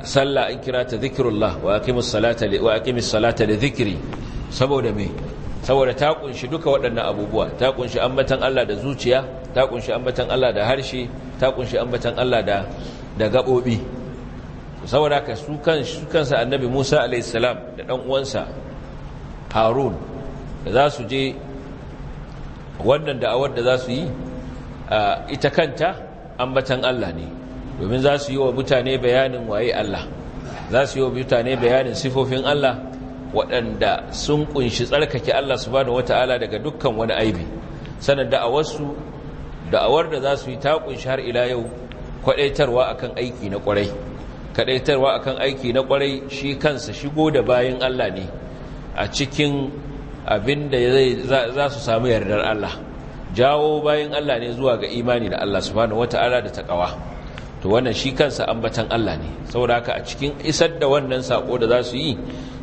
sallah in kira ta zikirullah wa aqimus salata li wa aqimis salata li zikri saboda me saboda ta kunshi duka waɗannan abubuwa ta kunshi ambatan Allah da zuciya ta kunshi ambatan Allah da harshe ta kunshi ambatan Allah da da gabobi saboda ka su kan su kansa annabi Musa alaihi salam da dan uwansa harun da za su je wannan da'awar da za su yi ita kanta ambatan Allah ne domin za su yi wa mutane bayanin waye Allah za su yi wa mutane bayanin sifofin Allah waɗanda sun kunshi tsarkake Allah su wata wata'ala daga dukkan wani aibi sanar da'awarsu da'awar da za su yi ta ƙunshi har ila yau kwadaitarwa kan aiki na ƙwarai kwarai a kan aiki na ƙwarai shi kansa shigo da bayan Allah ne a cikin abin da za su samu yardar Allah jawo bayan Allah ne zuwa ga imani da Allah subhanahu wata'ala da taqwa to wannan shi kansa ambatan Allah ne saboda haka a cikin isar da wannan sako da za su yi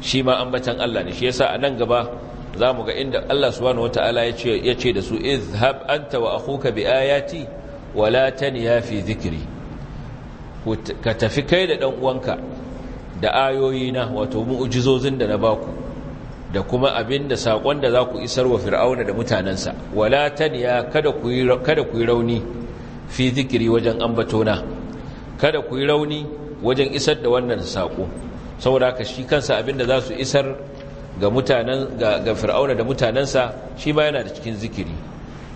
shi ma ambatan Allah ne shi yasa a nan gaba za mu ga inda Allah subhanahu wata'ala ya ce da su izhab anta wa akhuka bi ayati wa la taniya fi dhikri ka tafi kai da dan uwanka da ayoyina wato mu'jizozin da na baku da kuma abin da saƙon da za ku isar wa fir'auna da mutanensa wala taniya kada ku kada ku rauni fi zikiri wajen ambatona kada ku yi rauni wajen isar da wannan saƙo saboda ka shi kansa abin da za su isar ga fir'auna da mutanensa shi ma yana da cikin zikiri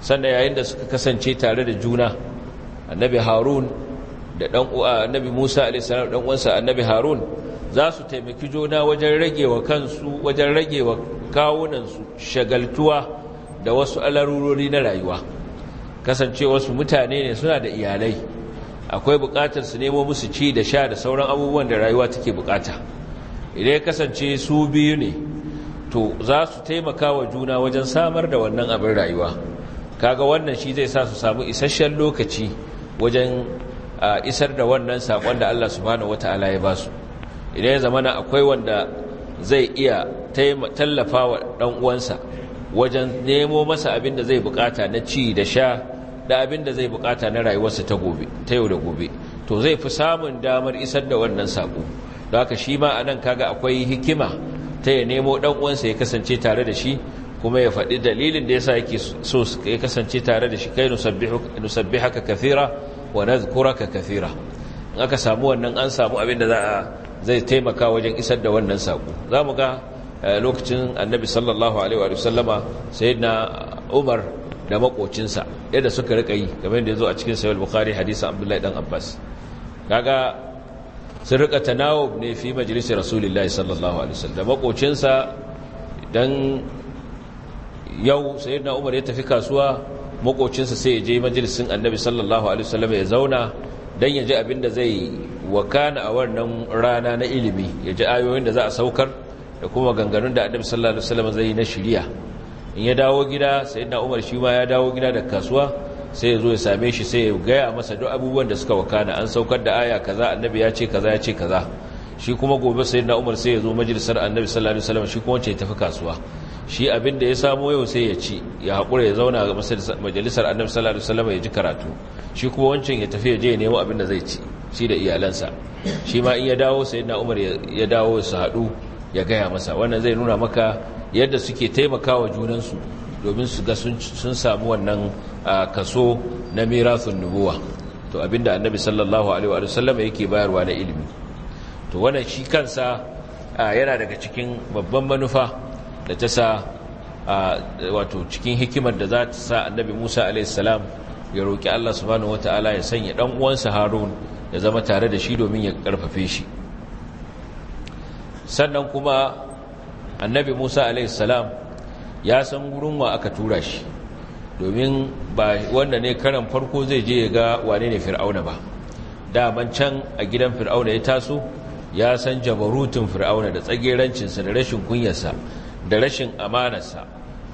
sannan yayin da suka kasance tare da juna annabi harun da dan uwa annabi musa alaihi salam uwansa annabi harun za su taimaki juna wajen rage wa kansu wajen rage kawunansu shagaltuwa da wasu alarurori na rayuwa kasance wasu mutane ne suna da iyalai akwai bukatar su nemo musu ci da sha da sauran abubuwan da rayuwa take bukata idan ya kasance su biyu ne to za su taimaka wa juna wajen samar da wannan abin rayuwa kaga wannan shi zai sa su samu isasshen lokaci wajen isar da wannan saƙon da Allah subhanahu wata'ala ya ba su idan ya zamana akwai wanda zai iya tallafa wa ɗan uwansa wajen nemo masa abin da zai bukata na ci da sha da abin da zai bukata na rayuwarsa ta gobe ta yau da gobe to zai fi samun damar isar da wannan sako da haka shi ma anan kaga akwai hikima ta ya nemo ɗan uwansa ya kasance tare da shi kuma ya faɗi dalilin da ya sa yake so ya kasance tare da shi kai nusabbi haka kafira wa na ka kafira in aka samu wannan an samu abin da za a zai taimaka wajen isar da wannan saƙo za mu ga eh, lokacin annabi sallallahu alaihi wa sallama sai na umar da makocinsa yadda suka riƙa yi game da ya zo a cikin sayar bukari hadisa abdullahi dan abbas kaga sun ta nawa ne fi majalisar rasulullahi sallallahu alaihi wasallam da makocinsa don yau na umar ya tafi kasuwa makocinsa sai ya je majalisin annabi sallallahu alaihi wasallam ya zauna don ya ji abin da zai wa kana a wannan rana na ilimi ya ji ayoyin da za a saukar da kuma ganganun da annabi sallallahu alaihi wasallam zai na shiriya in ya dawo gida sayyidina Umar shi ma ya dawo gida da kasuwa sai ya zo ya same shi sai ya gaya masa duk abubuwan da suka wakana an saukar da aya kaza annabi ya ce kaza ya ce kaza shi kuma gobe sayyidina Umar sai ya zo majalisar annabi sallallahu alaihi wasallam shi kuma ce ya tafi kasuwa shi abin da ya samu yau sai ya ci ya haƙura ya zauna ga majalisar annabi sallallahu alaihi wasallam ya ji karatu shi kuma wancan ya tafi ya je ya nemo abin da zai ci shi da iyalansa shi ma in ya dawo na umar ya dawo su haɗu ya gaya masa wannan zai nuna maka yadda suke taimakawa junansu domin su ga sun samu wannan kaso na mirasun nubuwa to abinda annabi sallallahu alaihi wa sallam yake bayarwa na ilimi to wannan shi kansa yana daga cikin babban manufa da ta sa wato cikin hikimar da za ta sa annabi Musa alaihi salam ya roki Allah subhanahu wataala ya sanya ɗan uwansa Harun ya zama tare da shi domin ya karfafe shi sannan kuma annabi musa alaihissalam ya san gurin wa aka tura shi domin ba wanda ne karan farko zai je ya ga wane ne fir'auna ba daman can a gidan fir'auna ya taso ya san jabarutun fir'auna da tsagerancinsa da rashin kunyarsa da rashin amanarsa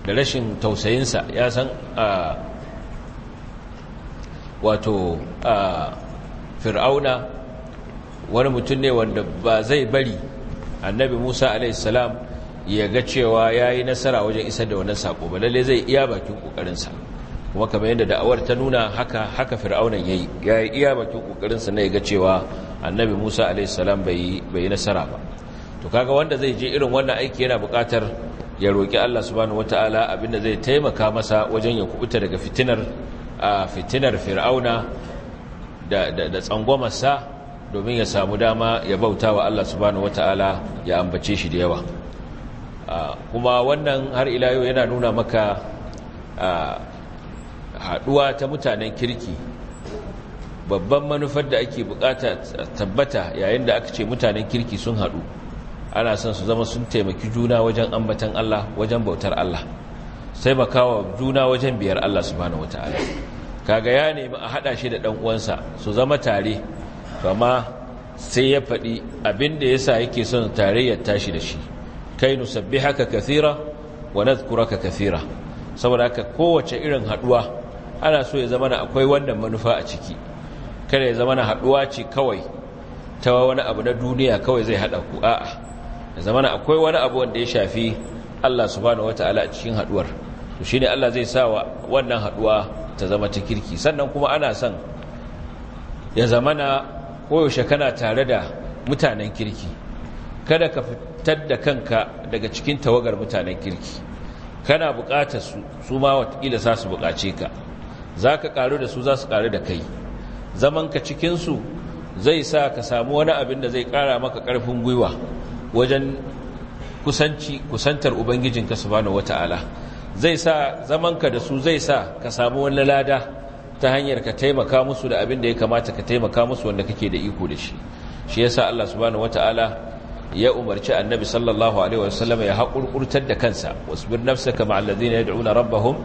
da rashin tausayinsa ya san ah, wato a ah, fir'auna wani mutum ne wanda ba zai bari annabi musa alaihissalam ya ga cewa ya yi nasara wajen isar da wannan sako ba lalle zai iya bakin ƙoƙarinsa kuma kamar yadda da'awar ta nuna haka haka fir'auna ya yi ya yi iya bakin ƙoƙarinsa na ya ga cewa annabi musa alaihissalam bai yi nasara ba to kaga wanda zai je irin wannan aiki yana buƙatar ya roƙi allah subhanahu wataala abinda zai taimaka masa wajen ya kubuta daga fitinar fitinar fir'auna da tsangomarsa domin ya samu dama ya bauta wa Allah subhanahu wata'ala ya ambace shi da yawa kuma wannan har ila yau yana nuna maka haɗuwa ta mutanen kirki babban manufar da ake bukata tabbata yayin da aka ce mutanen kirki sun haɗu ana son su zama sun taimaki juna wajen ambatan Allah wajen bautar Allah sai makawa juna wajen biyar Allah subhanahu wataala kaga ya nemi a hada shi da dan uwansa su zama tare kama sai ya faɗi abin da ya sa yake son tare ya tashi da shi kai nusabbi haka kathira wa nadhkuraka kathira saboda haka kowace irin haduwa ana so ya zama na akwai wannan manufa a ciki kada ya zama na haduwa ce kawai ta wani abu na duniya kawai zai hada ku a'a ya zama na akwai wani abu wanda ya shafi Allah subhanahu wata'ala a cikin haduwar to shine Allah zai sa wa wannan haduwa. ta zama ta kirki sannan kuma ana son ya zama na koyaushe kana tare da mutanen kirki kada ka fitar da kanka daga cikin tawagar mutanen kirki kana bukatar su su ma watakila za su bukace ka za ka karu da su za su karu da kai zamanka cikinsu zai sa ka samu wani abin da zai kara maka karfin gwiwa wajen kusanci kusantar ubangijinka bane wata'ala zai sa zamanka da su zai sa ka samu wani lada ta hanyar ka taimaka musu da abin da ya kamata ka taimaka musu wanda kake da iko da shi shi yasa Allah subhanahu wataala ya umarci annabi sallallahu alaihi wasallam ya haƙurƙurtar da kansa wasbir nafsaka ma'al ladina yad'una rabbahum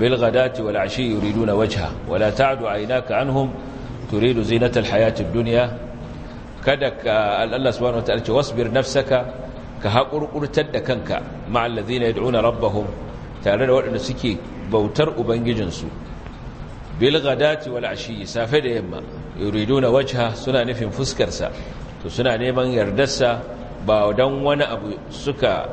bil ghadati wal ashi yuriduna wajha wala ta'du aynaka anhum turidu zinata al hayati ad-dunya kada Allah subhanahu wataala ce wasbir nafsaka ka haƙurƙurtar da kanka ma'al ladina yad'una rabbahum tare da waɗanda suke bautar ubangijinsu bil gadati wal ashi safe da yamma yuriduna wajha suna nufin fuskarsa to suna neman yardarsa ba dan wani abu suka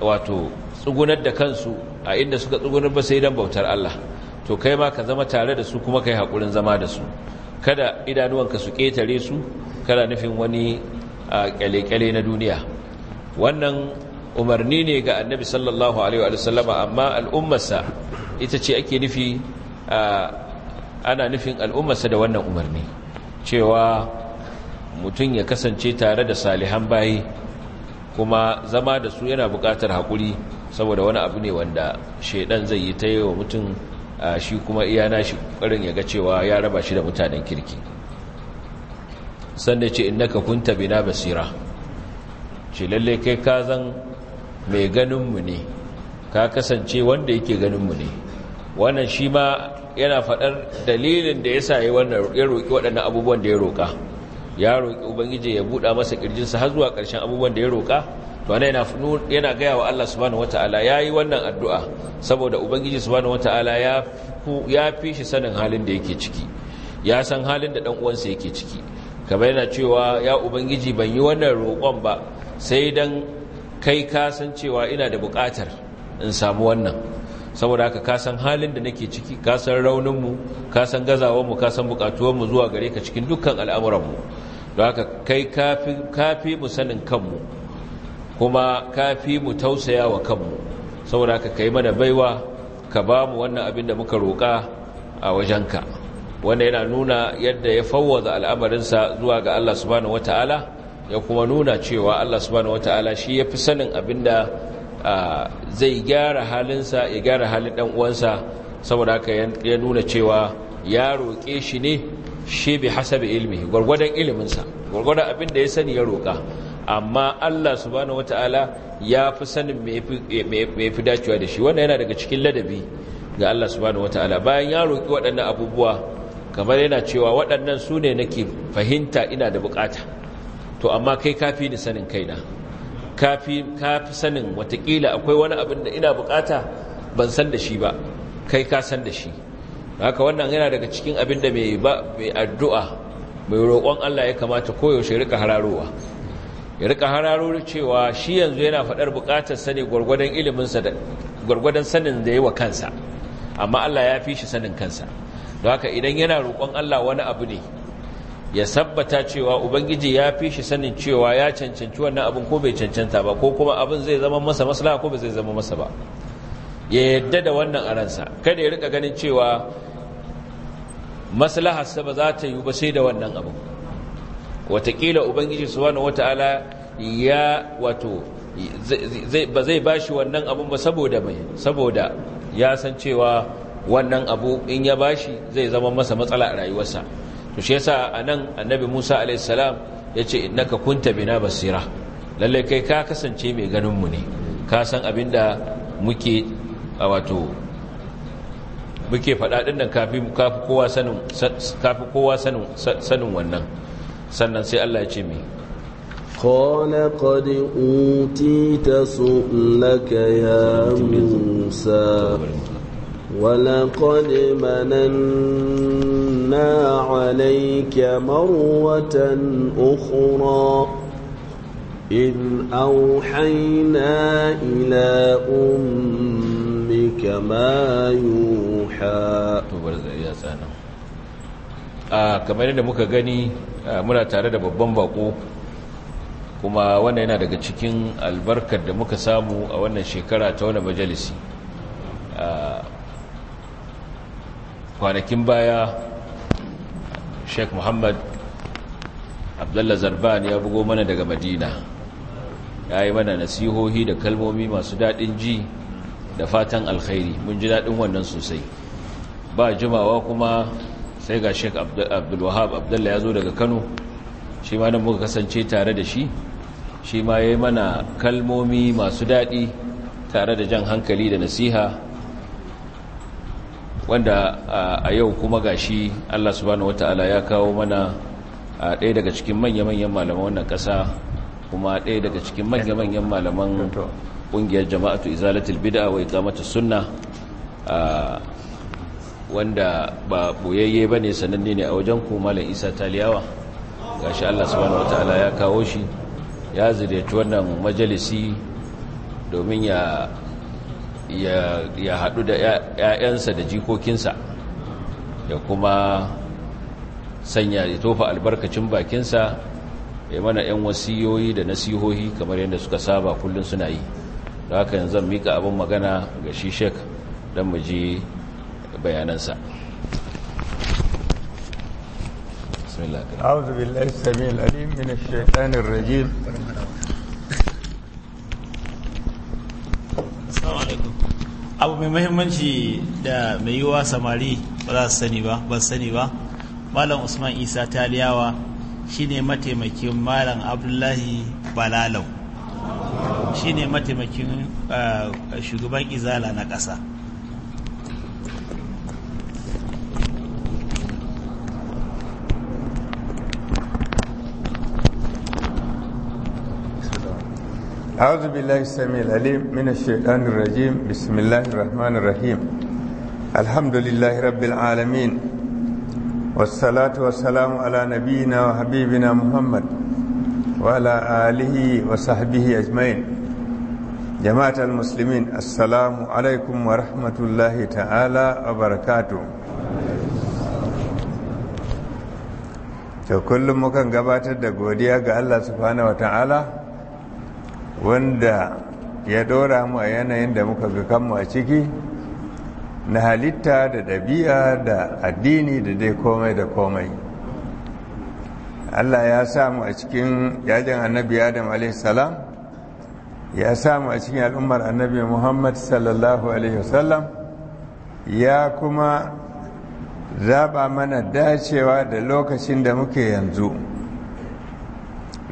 wato tsugunar da kansu a inda suka tsugunar ba sai dan bautar Allah to kai ma ka zama tare da su kuma kai hakurin zama da su kada idanuwanka su ketare su kada nufin wani kyale-kyale na duniya wannan umarni ne ga annabi sallallahu alaihi wa amma al'ummarsa ita ce ake nufi ana nufin al'ummarsa da wannan umarni cewa mutum ya kasance tare da salihan bayi kuma zama da su yana buƙatar haƙuri saboda wani abu ne wanda shaidan zai yi ta yi wa mutum shi kuma iya shi ƙoƙarin ya ga cewa ya raba shi da mutanen kirki sannan ce innaka kunta bina basira ce lalle kai ka zan mai ganinmu ne ka kasance wanda yake ganinmu ne wannan shi ma yana faɗar dalilin da ya sayi wannan ya roƙi waɗannan abubuwan da ya roƙa ya roƙi ubangiji ya buɗa masa ƙirjinsa har zuwa ƙarshen abubuwan da ya roƙa to ana yana gaya wa Allah subhanahu wataala ya yi wannan addu'a saboda ubangiji subhanahu wataala ya fi shi sanin halin da yake ciki ya san halin da ɗan uwansa yake ciki kamar yana cewa ya ubangiji ban yi wannan roƙon ba sai dan kai kasan cewa ina da bukatar in samu wannan saboda haka ka san halin da nake ciki ka san rauninmu kasan san gazawanmu ka san zuwa gare ka cikin dukkan al'amuranmu don haka kai kafi mu sanin kanmu kuma kafi mu tausaya wa kanmu saboda haka ka yi mana baiwa ka ba mu wannan abin da muka roƙa a wajenka wanda yana nuna yadda ya fawwaza al'amarinsa zuwa ga Allah subhanahu wata'ala ya kuma nuna cewa Allah subhanahu wataala shi fi sanin abinda zai gyara halinsa ya gyara halin dan uwansa saboda haka ya nuna cewa ya roƙe shi ne shi bi hasabi ilmi gwargwadon iliminsa gwargwadon abinda ya sani ya roƙa amma Allah subhanahu wataala ya fi sanin mai fi dacewa da shi wanda yana daga cikin ladabi ga Allah subhanahu wataala bayan ya roki waɗannan abubuwa kamar yana cewa waɗannan su ne nake fahimta ina da buƙata. to amma kai kafi ni sanin kaina kafi kafi sanin watakila akwai wani abin da ina bukata ban san da shi ba kai ka san da shi haka wannan yana daga cikin abin da mai ba mai addu'a mai roƙon Allah ya kamata koyaushe rika hararowa ya rika hararo cewa shi yanzu yana faɗar bukatar sani ilimin sa da gurgurdan sanin da yayi wa kansa amma Allah ya fi shi sanin kansa don haka idan yana roƙon Allah wani abu ne ya sabbata cewa ubangiji ya fi shi sanin cewa ya cancanci wannan abin ko bai cancanta ba ko kuma abin zai zama masa maslaha ko bai zai zama masa ba ya yadda da wannan a ransa kada ya rika ganin cewa maslaharsa ba za ta yi ba sai da wannan abin watakila ubangiji subhanahu wataala ya wato ba zai bashi wannan abin ba saboda mai saboda ya san cewa wannan abu in ya bashi zai zama masa matsala a rayuwarsa to shi yasa anan annabi Musa alayhi salam yace innaka kunta bina basira lalle kai ka kasance mai ganin mu ne ka san abinda muke wato muke faɗa din nan kafi kafi kowa sanin kafi kowa sanin sanin wannan sannan sai Allah ya ce mi qala qad utita سؤلك ya musa. ولقد مننا عليك مرة أخرى إذ أوحينا إلى أمك ما يوحى kamar yadda muka gani muna tare da babban bako kuma wannan yana daga cikin albarkar da muka samu a wannan shekara ta wani majalisi kwanakin baya sheikh muhammad abdullah zarban ya bugo mana daga madina ya yi mana nasihohi da kalmomi masu daɗin ji da fatan alkhairi mun ji daɗin wannan sosai ba jimawa kuma sai ga sheik abdulwahab abdullah ya zo daga kano shi ma nan muka kasance tare da shi shi ma ya yi mana kalmomi masu daɗi tare da jan hankali da nasiha wanda a yau kuma gashi Allah subhanahu wata'ala ya kawo mana a ɗaya daga cikin manya-manyan malaman wannan ƙasa kuma ɗaya daga cikin manya-manyan malaman ƙungiyar jama'atu izalatul bid'a wa iqamatus sunna wanda ba boyayye bane sananne ne a wajen ku malam Isa Taliyawa gashi Allah subhanahu wata'ala ya kawo shi ya ziyarci wannan majalisi domin ya ya haɗu da ‘ya'yansa da jikokinsa da kuma sanya ya tofa albarkacin bakinsa ya mana ‘yan wasiyoyi da nasihohi kamar yadda suka saba kullum suna yi da haka yanzu zan mika abin magana ga shi shek don mu bayanansa أعوذ بالله السميع العليم من الشيطان الرجيم abu mai mahimmanci da mai yiwuwa samari ba za su sani ba ba sani ba malam usman isa taliyawa shine mataimakin malam abdullahi balalau shine mataimakin eh, shugaban izala na ƙasa أعوذ بالله السميع العليم من الشيطان الرجيم بسم الله الرحمن الرحيم الحمد لله رب العالمين والصلاة والسلام على نبينا وحبيبنا محمد وعلى آله وصحبه أجمعين جماعة المسلمين السلام عليكم ورحمة الله تعالى وبركاته to kullum mukan gabatar da godiya ga Allah subhanahu wa ta'ala wanda ya dora mu a yanayin da muka ga kanmu a ciki na halitta da ɗabi'a da addini da dai komai da komai Allah ya samu a cikin yajin annabi Adam salam ya mu a cikin al'ummar annabi Muhammad sallallahu alaihi wasallam ya kuma zaɓa mana dacewa da lokacin da muke yanzu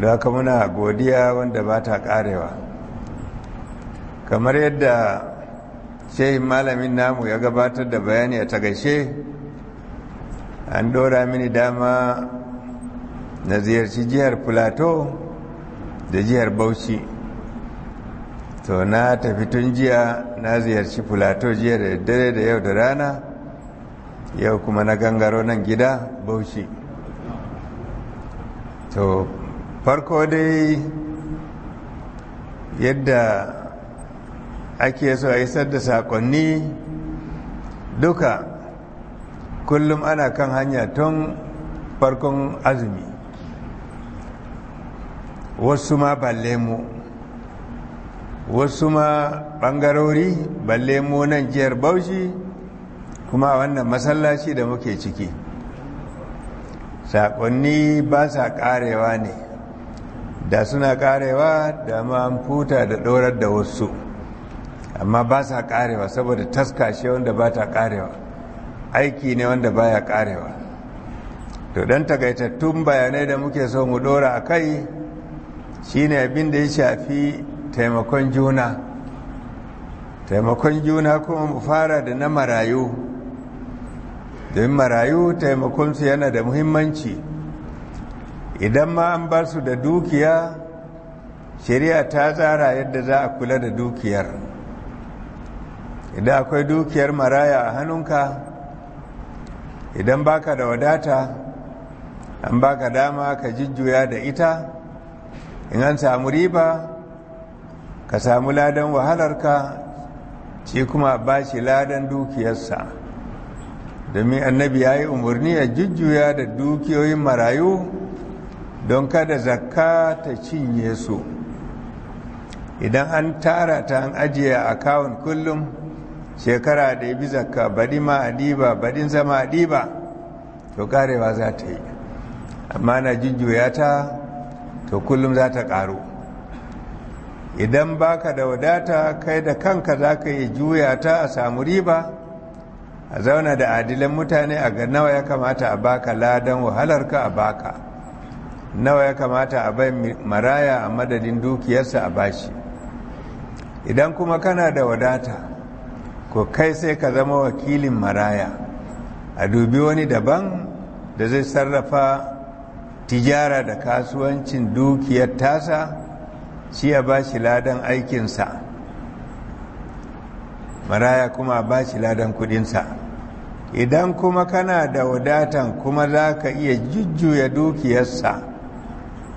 da haka muna godiya wanda ba ta karewa kamar yadda shehin malamin namu ya gabatar da bayani a tagashe an dora mini dama na ziyarci jihar plateau da jihar bauchi to na tafi tun jiya na ziyarci plateau jihar da dare da yau da rana yau kuma na gangaro nan gida bauchi to farko dai yadda ake so a isar da sakonni duka kullum ana kan hanya tun farkon azumi wasu ma balle mu wasu ma ɓangarori balle mu nan jihar bauchi kuma wannan masallaci da muke ciki sakonni ba sa ƙarewa ne da suna karewa da man futa da ɗorar da wasu amma ba sa karewa saboda taskashe wanda ba ta karewa aiki ne wanda baya karewa to don takaitattun bayanai da muke so mu ɗora a kai shine abin da ya shafi taimakon juna taimakon juna kuma mu fara da na marayu domin marayu taimakonsu yana da muhimmanci idan ma an ba su da dukiya shari'a ta tsara yadda za a kula da dukiyar idan akwai dukiyar maraya a hannunka idan baka da wadata an baka dama ka jujjuya da ita in an samu riba ka samu ladan wahalarka shi kuma ba shi ladan dukiyarsa domin annabi ya yi umarni a jujjuya da dukiyoyin marayu don kada zakka ta cinye su idan an tara ta an ajiye a kawun kullum shekara da ya bi zakka bari ma a diba zama a diba to karewa za ta yi amma na jujjuya ta to kullum za ta karu idan baka da wadata kai da kanka za ka yi juya ta a samu riba a zauna da adilan mutane a ga nawa ya kamata a baka ladan wahalar ka a baka nawa ya kamata a bai maraya a madadin dukiyarsa a bashi idan kuma kana da wadata ko kai sai ka zama wakilin maraya a dubi wani daban da zai sarrafa tijara da kasuwancin dukiyar tasa shi ya bashi ladan aikinsa maraya kuma a bashi ladan kudinsa idan kuma kana da wadatan kuma za ka iya jujjuya dukiyarsa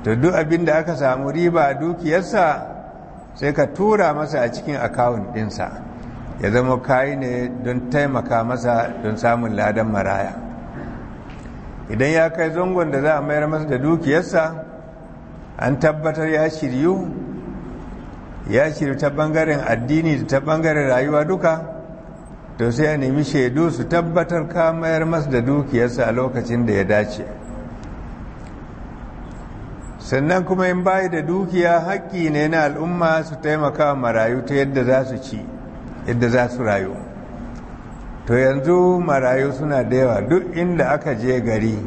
to duk abin da aka samu riba dukiyarsa sai ka tura masa a cikin akawun ɗinsa ya zama kayi ne don taimaka masa don samun ladan maraya idan ya kai zangon da za a mayar masa da dukiyarsa an tabbatar ya shiryu ya shiryu ta bangaren addini da ta bangaren rayuwa duka to sai a nemi shaidu su tabbatar ka mayar masa da dukiyarsa a lokacin da ya dace sannan kuma in bayi da dukiya haƙƙi ne na al'umma su taimaka marayu ta yadda za su ci yadda za su rayu to yanzu marayu suna da yawa duk inda aka je gari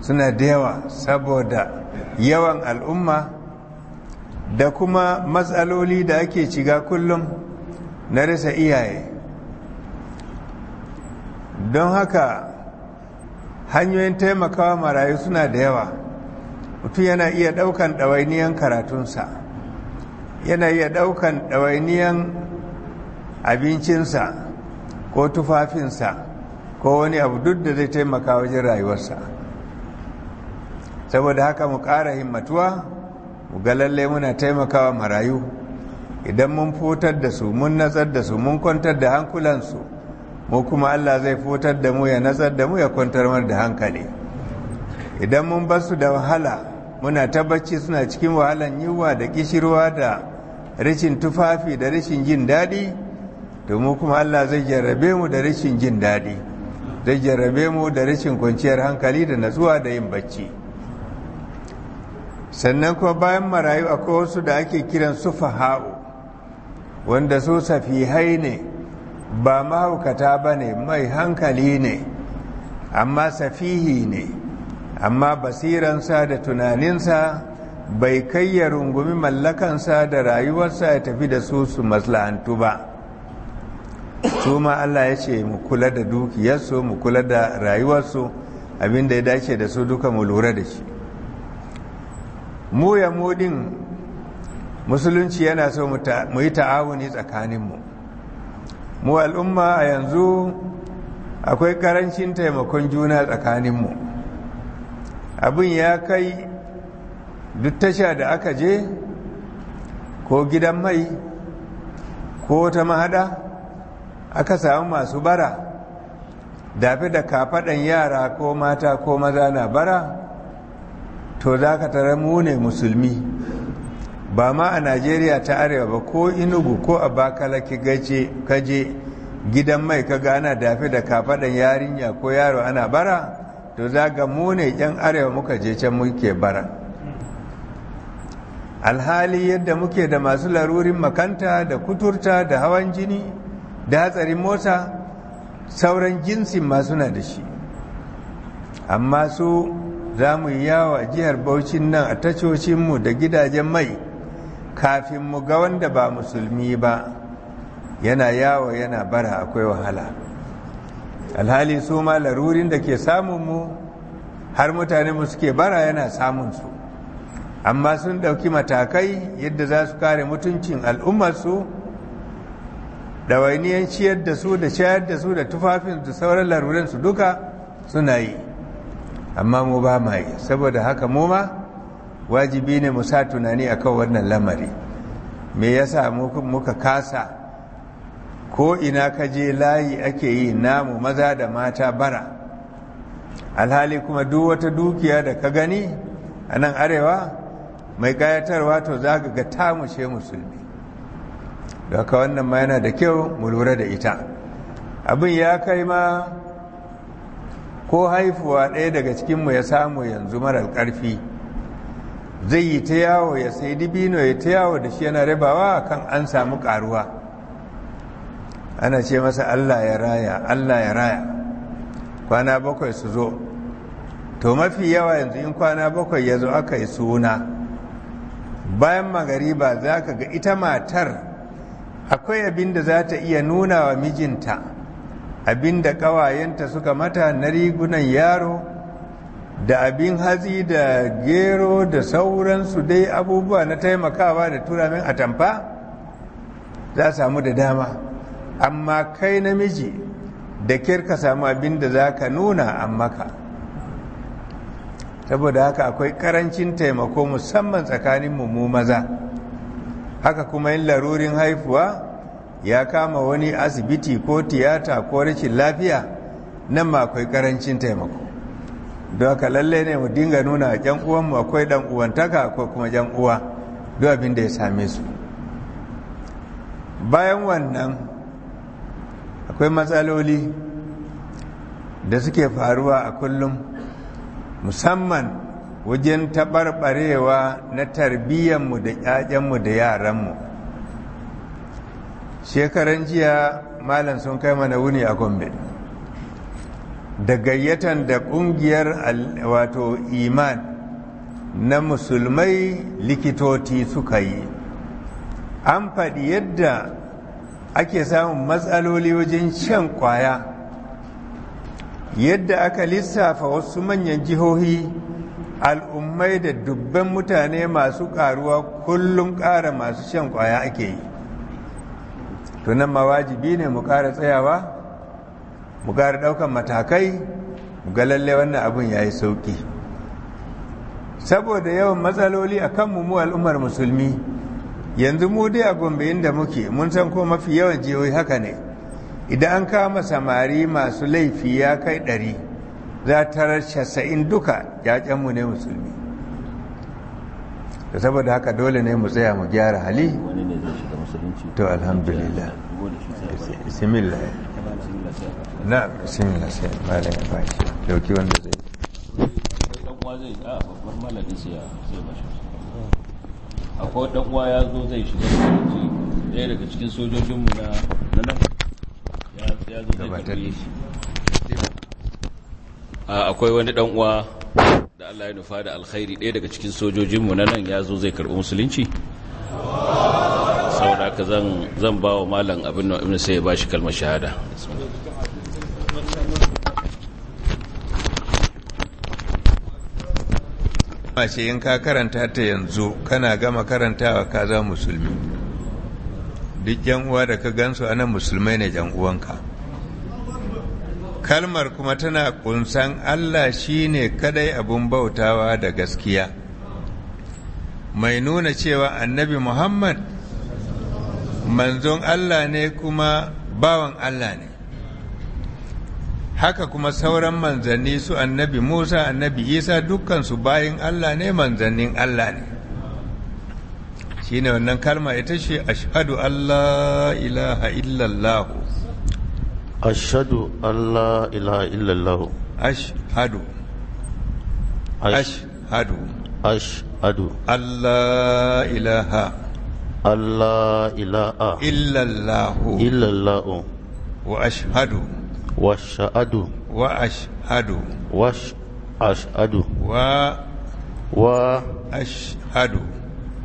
suna da yawa saboda yawan al'umma da kuma matsaloli da ake ciga kullum na rasa iyaye don haka hanyoyin taimakawa marayu suna da yawa mutum yana iya ɗaukan ɗawainiyan karatunsa yana iya ɗaukan ɗawainiyan abincinsa ko tufafinsa ko wani abu duk da zai taimaka wajen rayuwarsa saboda haka mu ƙara himmatuwa mu ga lalle muna taimakawa marayu idan mun fotar da su mun nazar da su mun kwantar da hankulansu mu kuma Allah zai fotar da mu ya nazar da mu ya kwantar da hankali idan mun basu da wahala muna tabbaci suna cikin wahalan yiwuwa da kishirwa da rashin tufafi da rashin jin daɗi domin kuma Allah zai jarrabe mu da rashin jin daɗi zai jarrabe mu da rashin kwanciyar hankali da natsuwa da yin bacci sannan kuma bayan marayu akwai wasu da ake kiran su faha'u wanda su safihai ne ba mahaukata ba ne mai hankali ne amma safihi ne amma basiransa da tunaninsa bai kai ya rungumi mallakansa da rayuwarsa ya tafi da su su maslahantu ba su ma Allah ya ce mu kula da dukiyarsu mu kula da rayuwarsu abinda ya dace da su duka mu lura da shi mu ya mudin musulunci yana so mu yi ta'awuni tsakaninmu mu al'umma a yanzu akwai karancin taimakon juna tsakaninmu abin ya kai duk tasha da aka je ko gidan mai ko ta mahada aka samu masu bara dafi da kafaɗan yara ko mata ko maza na bara to za ka tara mune musulmi ba ma a najeriya ta arewa ba ko inugu ko a bakalaki kaje gidan mai ka gana dafi da kafaɗan yarinya ko yaro ana bara to za ga mu ne yan arewa muka je can muke bara alhali yadda muke da masu larurin makanta da kuturta da hawan jini da hatsarin mota sauran jinsin masu na da shi amma su za mu yi yawo jihar Bauchin nan a tacocinmu da gidajen mai kafin mu ga wanda ba musulmi ba yana yawo yana bara akwai wahala alhali su ma larurin da ke samunmu har mutanenmu suke bara yana su, amma sun ɗauki matakai yadda za su kare mutuncin al'ummarsu ɗawainiyar ciyar da su da shayar da su da tufafin da sauran larurinsu duka suna yi amma mu ba ma yi saboda haka mu ma wajibi ne mu sa tunani akan wannan lamari me yasa muka kasa ko ina ka je layi ake yi namu maza da mata bara alhali kuma duk wata dukiya da ka gani a nan arewa mai kayatarwa to za ga ta mushe musulmi da wannan ma yana da kyau mu lura da ita abin ya kai ma ko haifuwa ɗaya daga cikinmu ya samu yanzu marar ƙarfi zai yi ta yawo ya sai dibino ya ta yawo da shi yana rabawa kan an samu ƙaruwa ana ce masa Allah ya raya Allah ya raya kwana bakwai su zo to mafi yawa yanzu in kwana bakwai ya zo aka yi suna bayan magariba za ka ga ita matar akwai abin da za ta iya nuna wa mijinta abin da ƙawayenta suka mata na rigunan yaro da abin hazi da gero da sauransu dai abubuwa na taimakawa da turamin atamfa za samu da dama amma kai namiji da kirka samu abin da za ka nuna an maka saboda haka akwai karancin taimako musamman tsakanin mu maza haka kuma yin larurin haifuwa ya kama wani asibiti ko tiyata ko rashin lafiya nan ma akwai karancin taimako don ka lalle ne mu dinga nuna uwan mu akwai dan uwantaka ko kuma jan uwa duk abin da ya same su bayan wannan akwai matsaloli da suke faruwa a kullum musamman wajen taɓarɓarewa na tarbiyyarmu da ƴaƴanmu da yaranmu shekaran jiya malam sun kai mana wuni a gombe da gayyatan da ƙungiyar wato iman na musulmai likitoci suka yi an faɗi yadda ake samun matsaloli wajen shan kwaya yadda aka lissafa wasu manyan jihohi al'ummai da dubban mutane masu karuwa kullum kara masu shan kwaya ake yi tunan mawajibi ne mu kara tsayawa mu kara daukan matakai mu ga lalle wannan abin ya yi sauki saboda yawan matsaloli a kanmu mu al'ummar musulmi yanzu mu dai a gombe inda muke mun san ko mafi yawan jihohi haka ne idan an kama samari masu laifi ya kai ɗari za tarar casa'in duka yaƙenmu ne musulmi da saboda haka dole ne mu tsaya mu gyara hali to alhamdulillah akwai dan uwa ya zo zai shiga sojoji ɗaya daga cikin sojojin mu na nan ya ya zo zai karbe shi akwai wani dan uwa da Allah ya nufa da alkhairi ɗaya daga cikin sojojin mu na nan ya zo zai karɓi musulunci saboda haka zan zan ba wa malam abin nan ibnu sai ya bashi kalmar shahada bismillah ce in ka karanta ta yanzu kana gama karantawa ka za musulmi duk yan uwa da ka gansu ana musulmai ne yan uwanka kalmar kuma tana kunsan Allah shi ne kadai abun bautawa da gaskiya mai nuna cewa annabi Muhammad manzon Allah ne kuma bawan Allah ne haka kuma sauran manzanni su annabi Musa annabi Isa dukkansu bayan Allah ne manzannin Allah ne shi ne wannan kalma ita ce ashadu Allah ilaha illallahu. ashadu Allah ilaha illallahu. ashadu ashadu ashadu Allah ilaha Allah ilaha Illallahu. Illallahu. wa ashadu washa'adu wa ashadu wa ashadu wa wa ashadu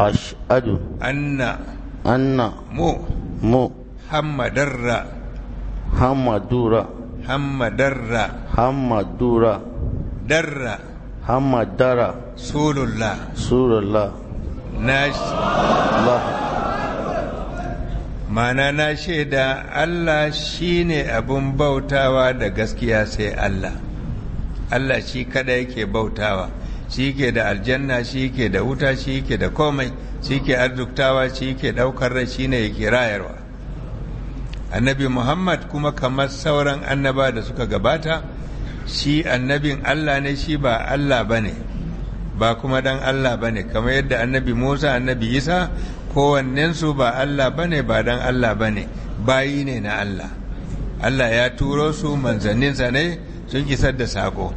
ashadu anna anna mu mu hamadarra hamadura hamadarra hamadura darra hamadara sulullah sulullah nash Allah. mana na shaida Allah shi ne abin bautawa da gaskiya sai Allah Allah shi kada yake bautawa shi ke da aljanna shi ke da wuta shi ke da komai shi ke arzuktawa shi ke ɗaukar rai shi ne yake rayarwa annabi muhammad kuma kamar sauran annaba da suka gabata shi annabin Allah ne shi ba Allah ba ne ba kuma dan Allah ba ne kamar yadda annabi Musa annabi Isa kowannensu ba Allah ba ne ba don Allah ba ne bayi ne na Allah Allah ya turo su manzanninsa ne sun isar da sako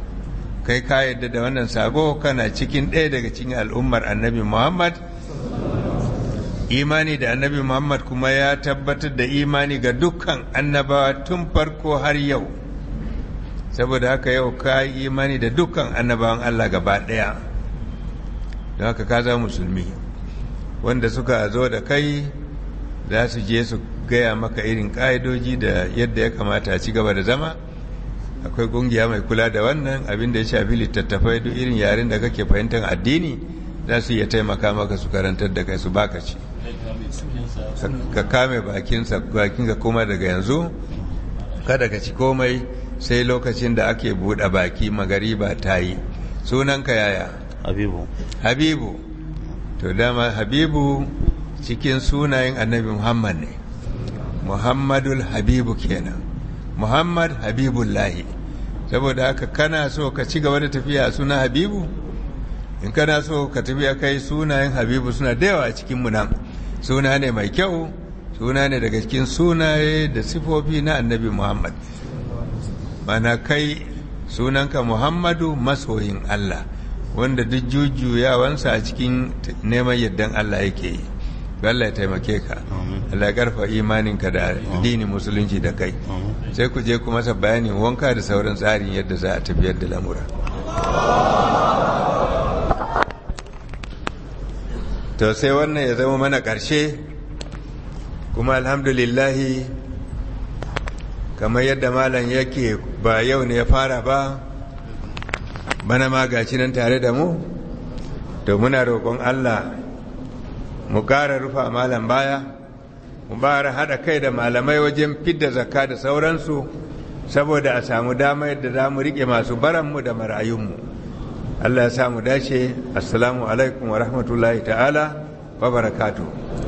kai ka yadda da wannan sako kana cikin ɗaya daga cikin al'ummar annabi muhammad imani da annabi muhammad kuma ya tabbatar da imani ga dukkan annabawa tun farko har yau saboda haka yau ka yi imani da dukkan annabawan allah gaba ɗaya don haka ka za musulmi wanda suka zo da kai za su je su gaya maka irin ƙa'idoji da yadda ya kamata ci gaba da zama akwai ƙungiya mai kula da wannan abin da ya shafi littattafai duk irin yaren da kake fahimtar addini za su iya taimaka maka su karantar da kai su baka ci ka kame bakinsa bakin ka kuma daga yanzu kada ka ci komai sai lokacin da ake buɗe baki magariba ta yi sunanka yaya habibu habibu to dama habibu cikin sunayen annabi muhammad ne muhammadul habibu kenan muhammad habibullahi saboda haka kana so ka ci gaba da tafiya suna habibu in kana so ka tafiya kai sunayen habibu suna da yawa cikin munan suna ne mai kyau suna ne daga cikin sunaye da sifofi na annabi muhammad mana kai sunanka muhammadu masoyin allah wanda duk jujjuyawansa a cikin neman yardan Allah yake yi Allah ya taimake ka Allah ya karfa imaninka da addinin musulunci da kai sai ku je kuma sa bayanin wanka da sauran tsarin yadda za a tafiyar da lamura to sai wannan ya zama mana karshe kuma alhamdulillahi kamar yadda malam yake ba yau ne ya fara ba bana ma gashi nan tare da mu to muna roƙon Allah mu ƙara rufa malam baya mu bara haɗa kai da malamai wajen fidda zakka da sauransu saboda a samu dama yadda za mu riƙe masu mu da marayunmu Allah ya mu dace assalamu alaikum wa rahmatullahi ta'ala wa barakatuh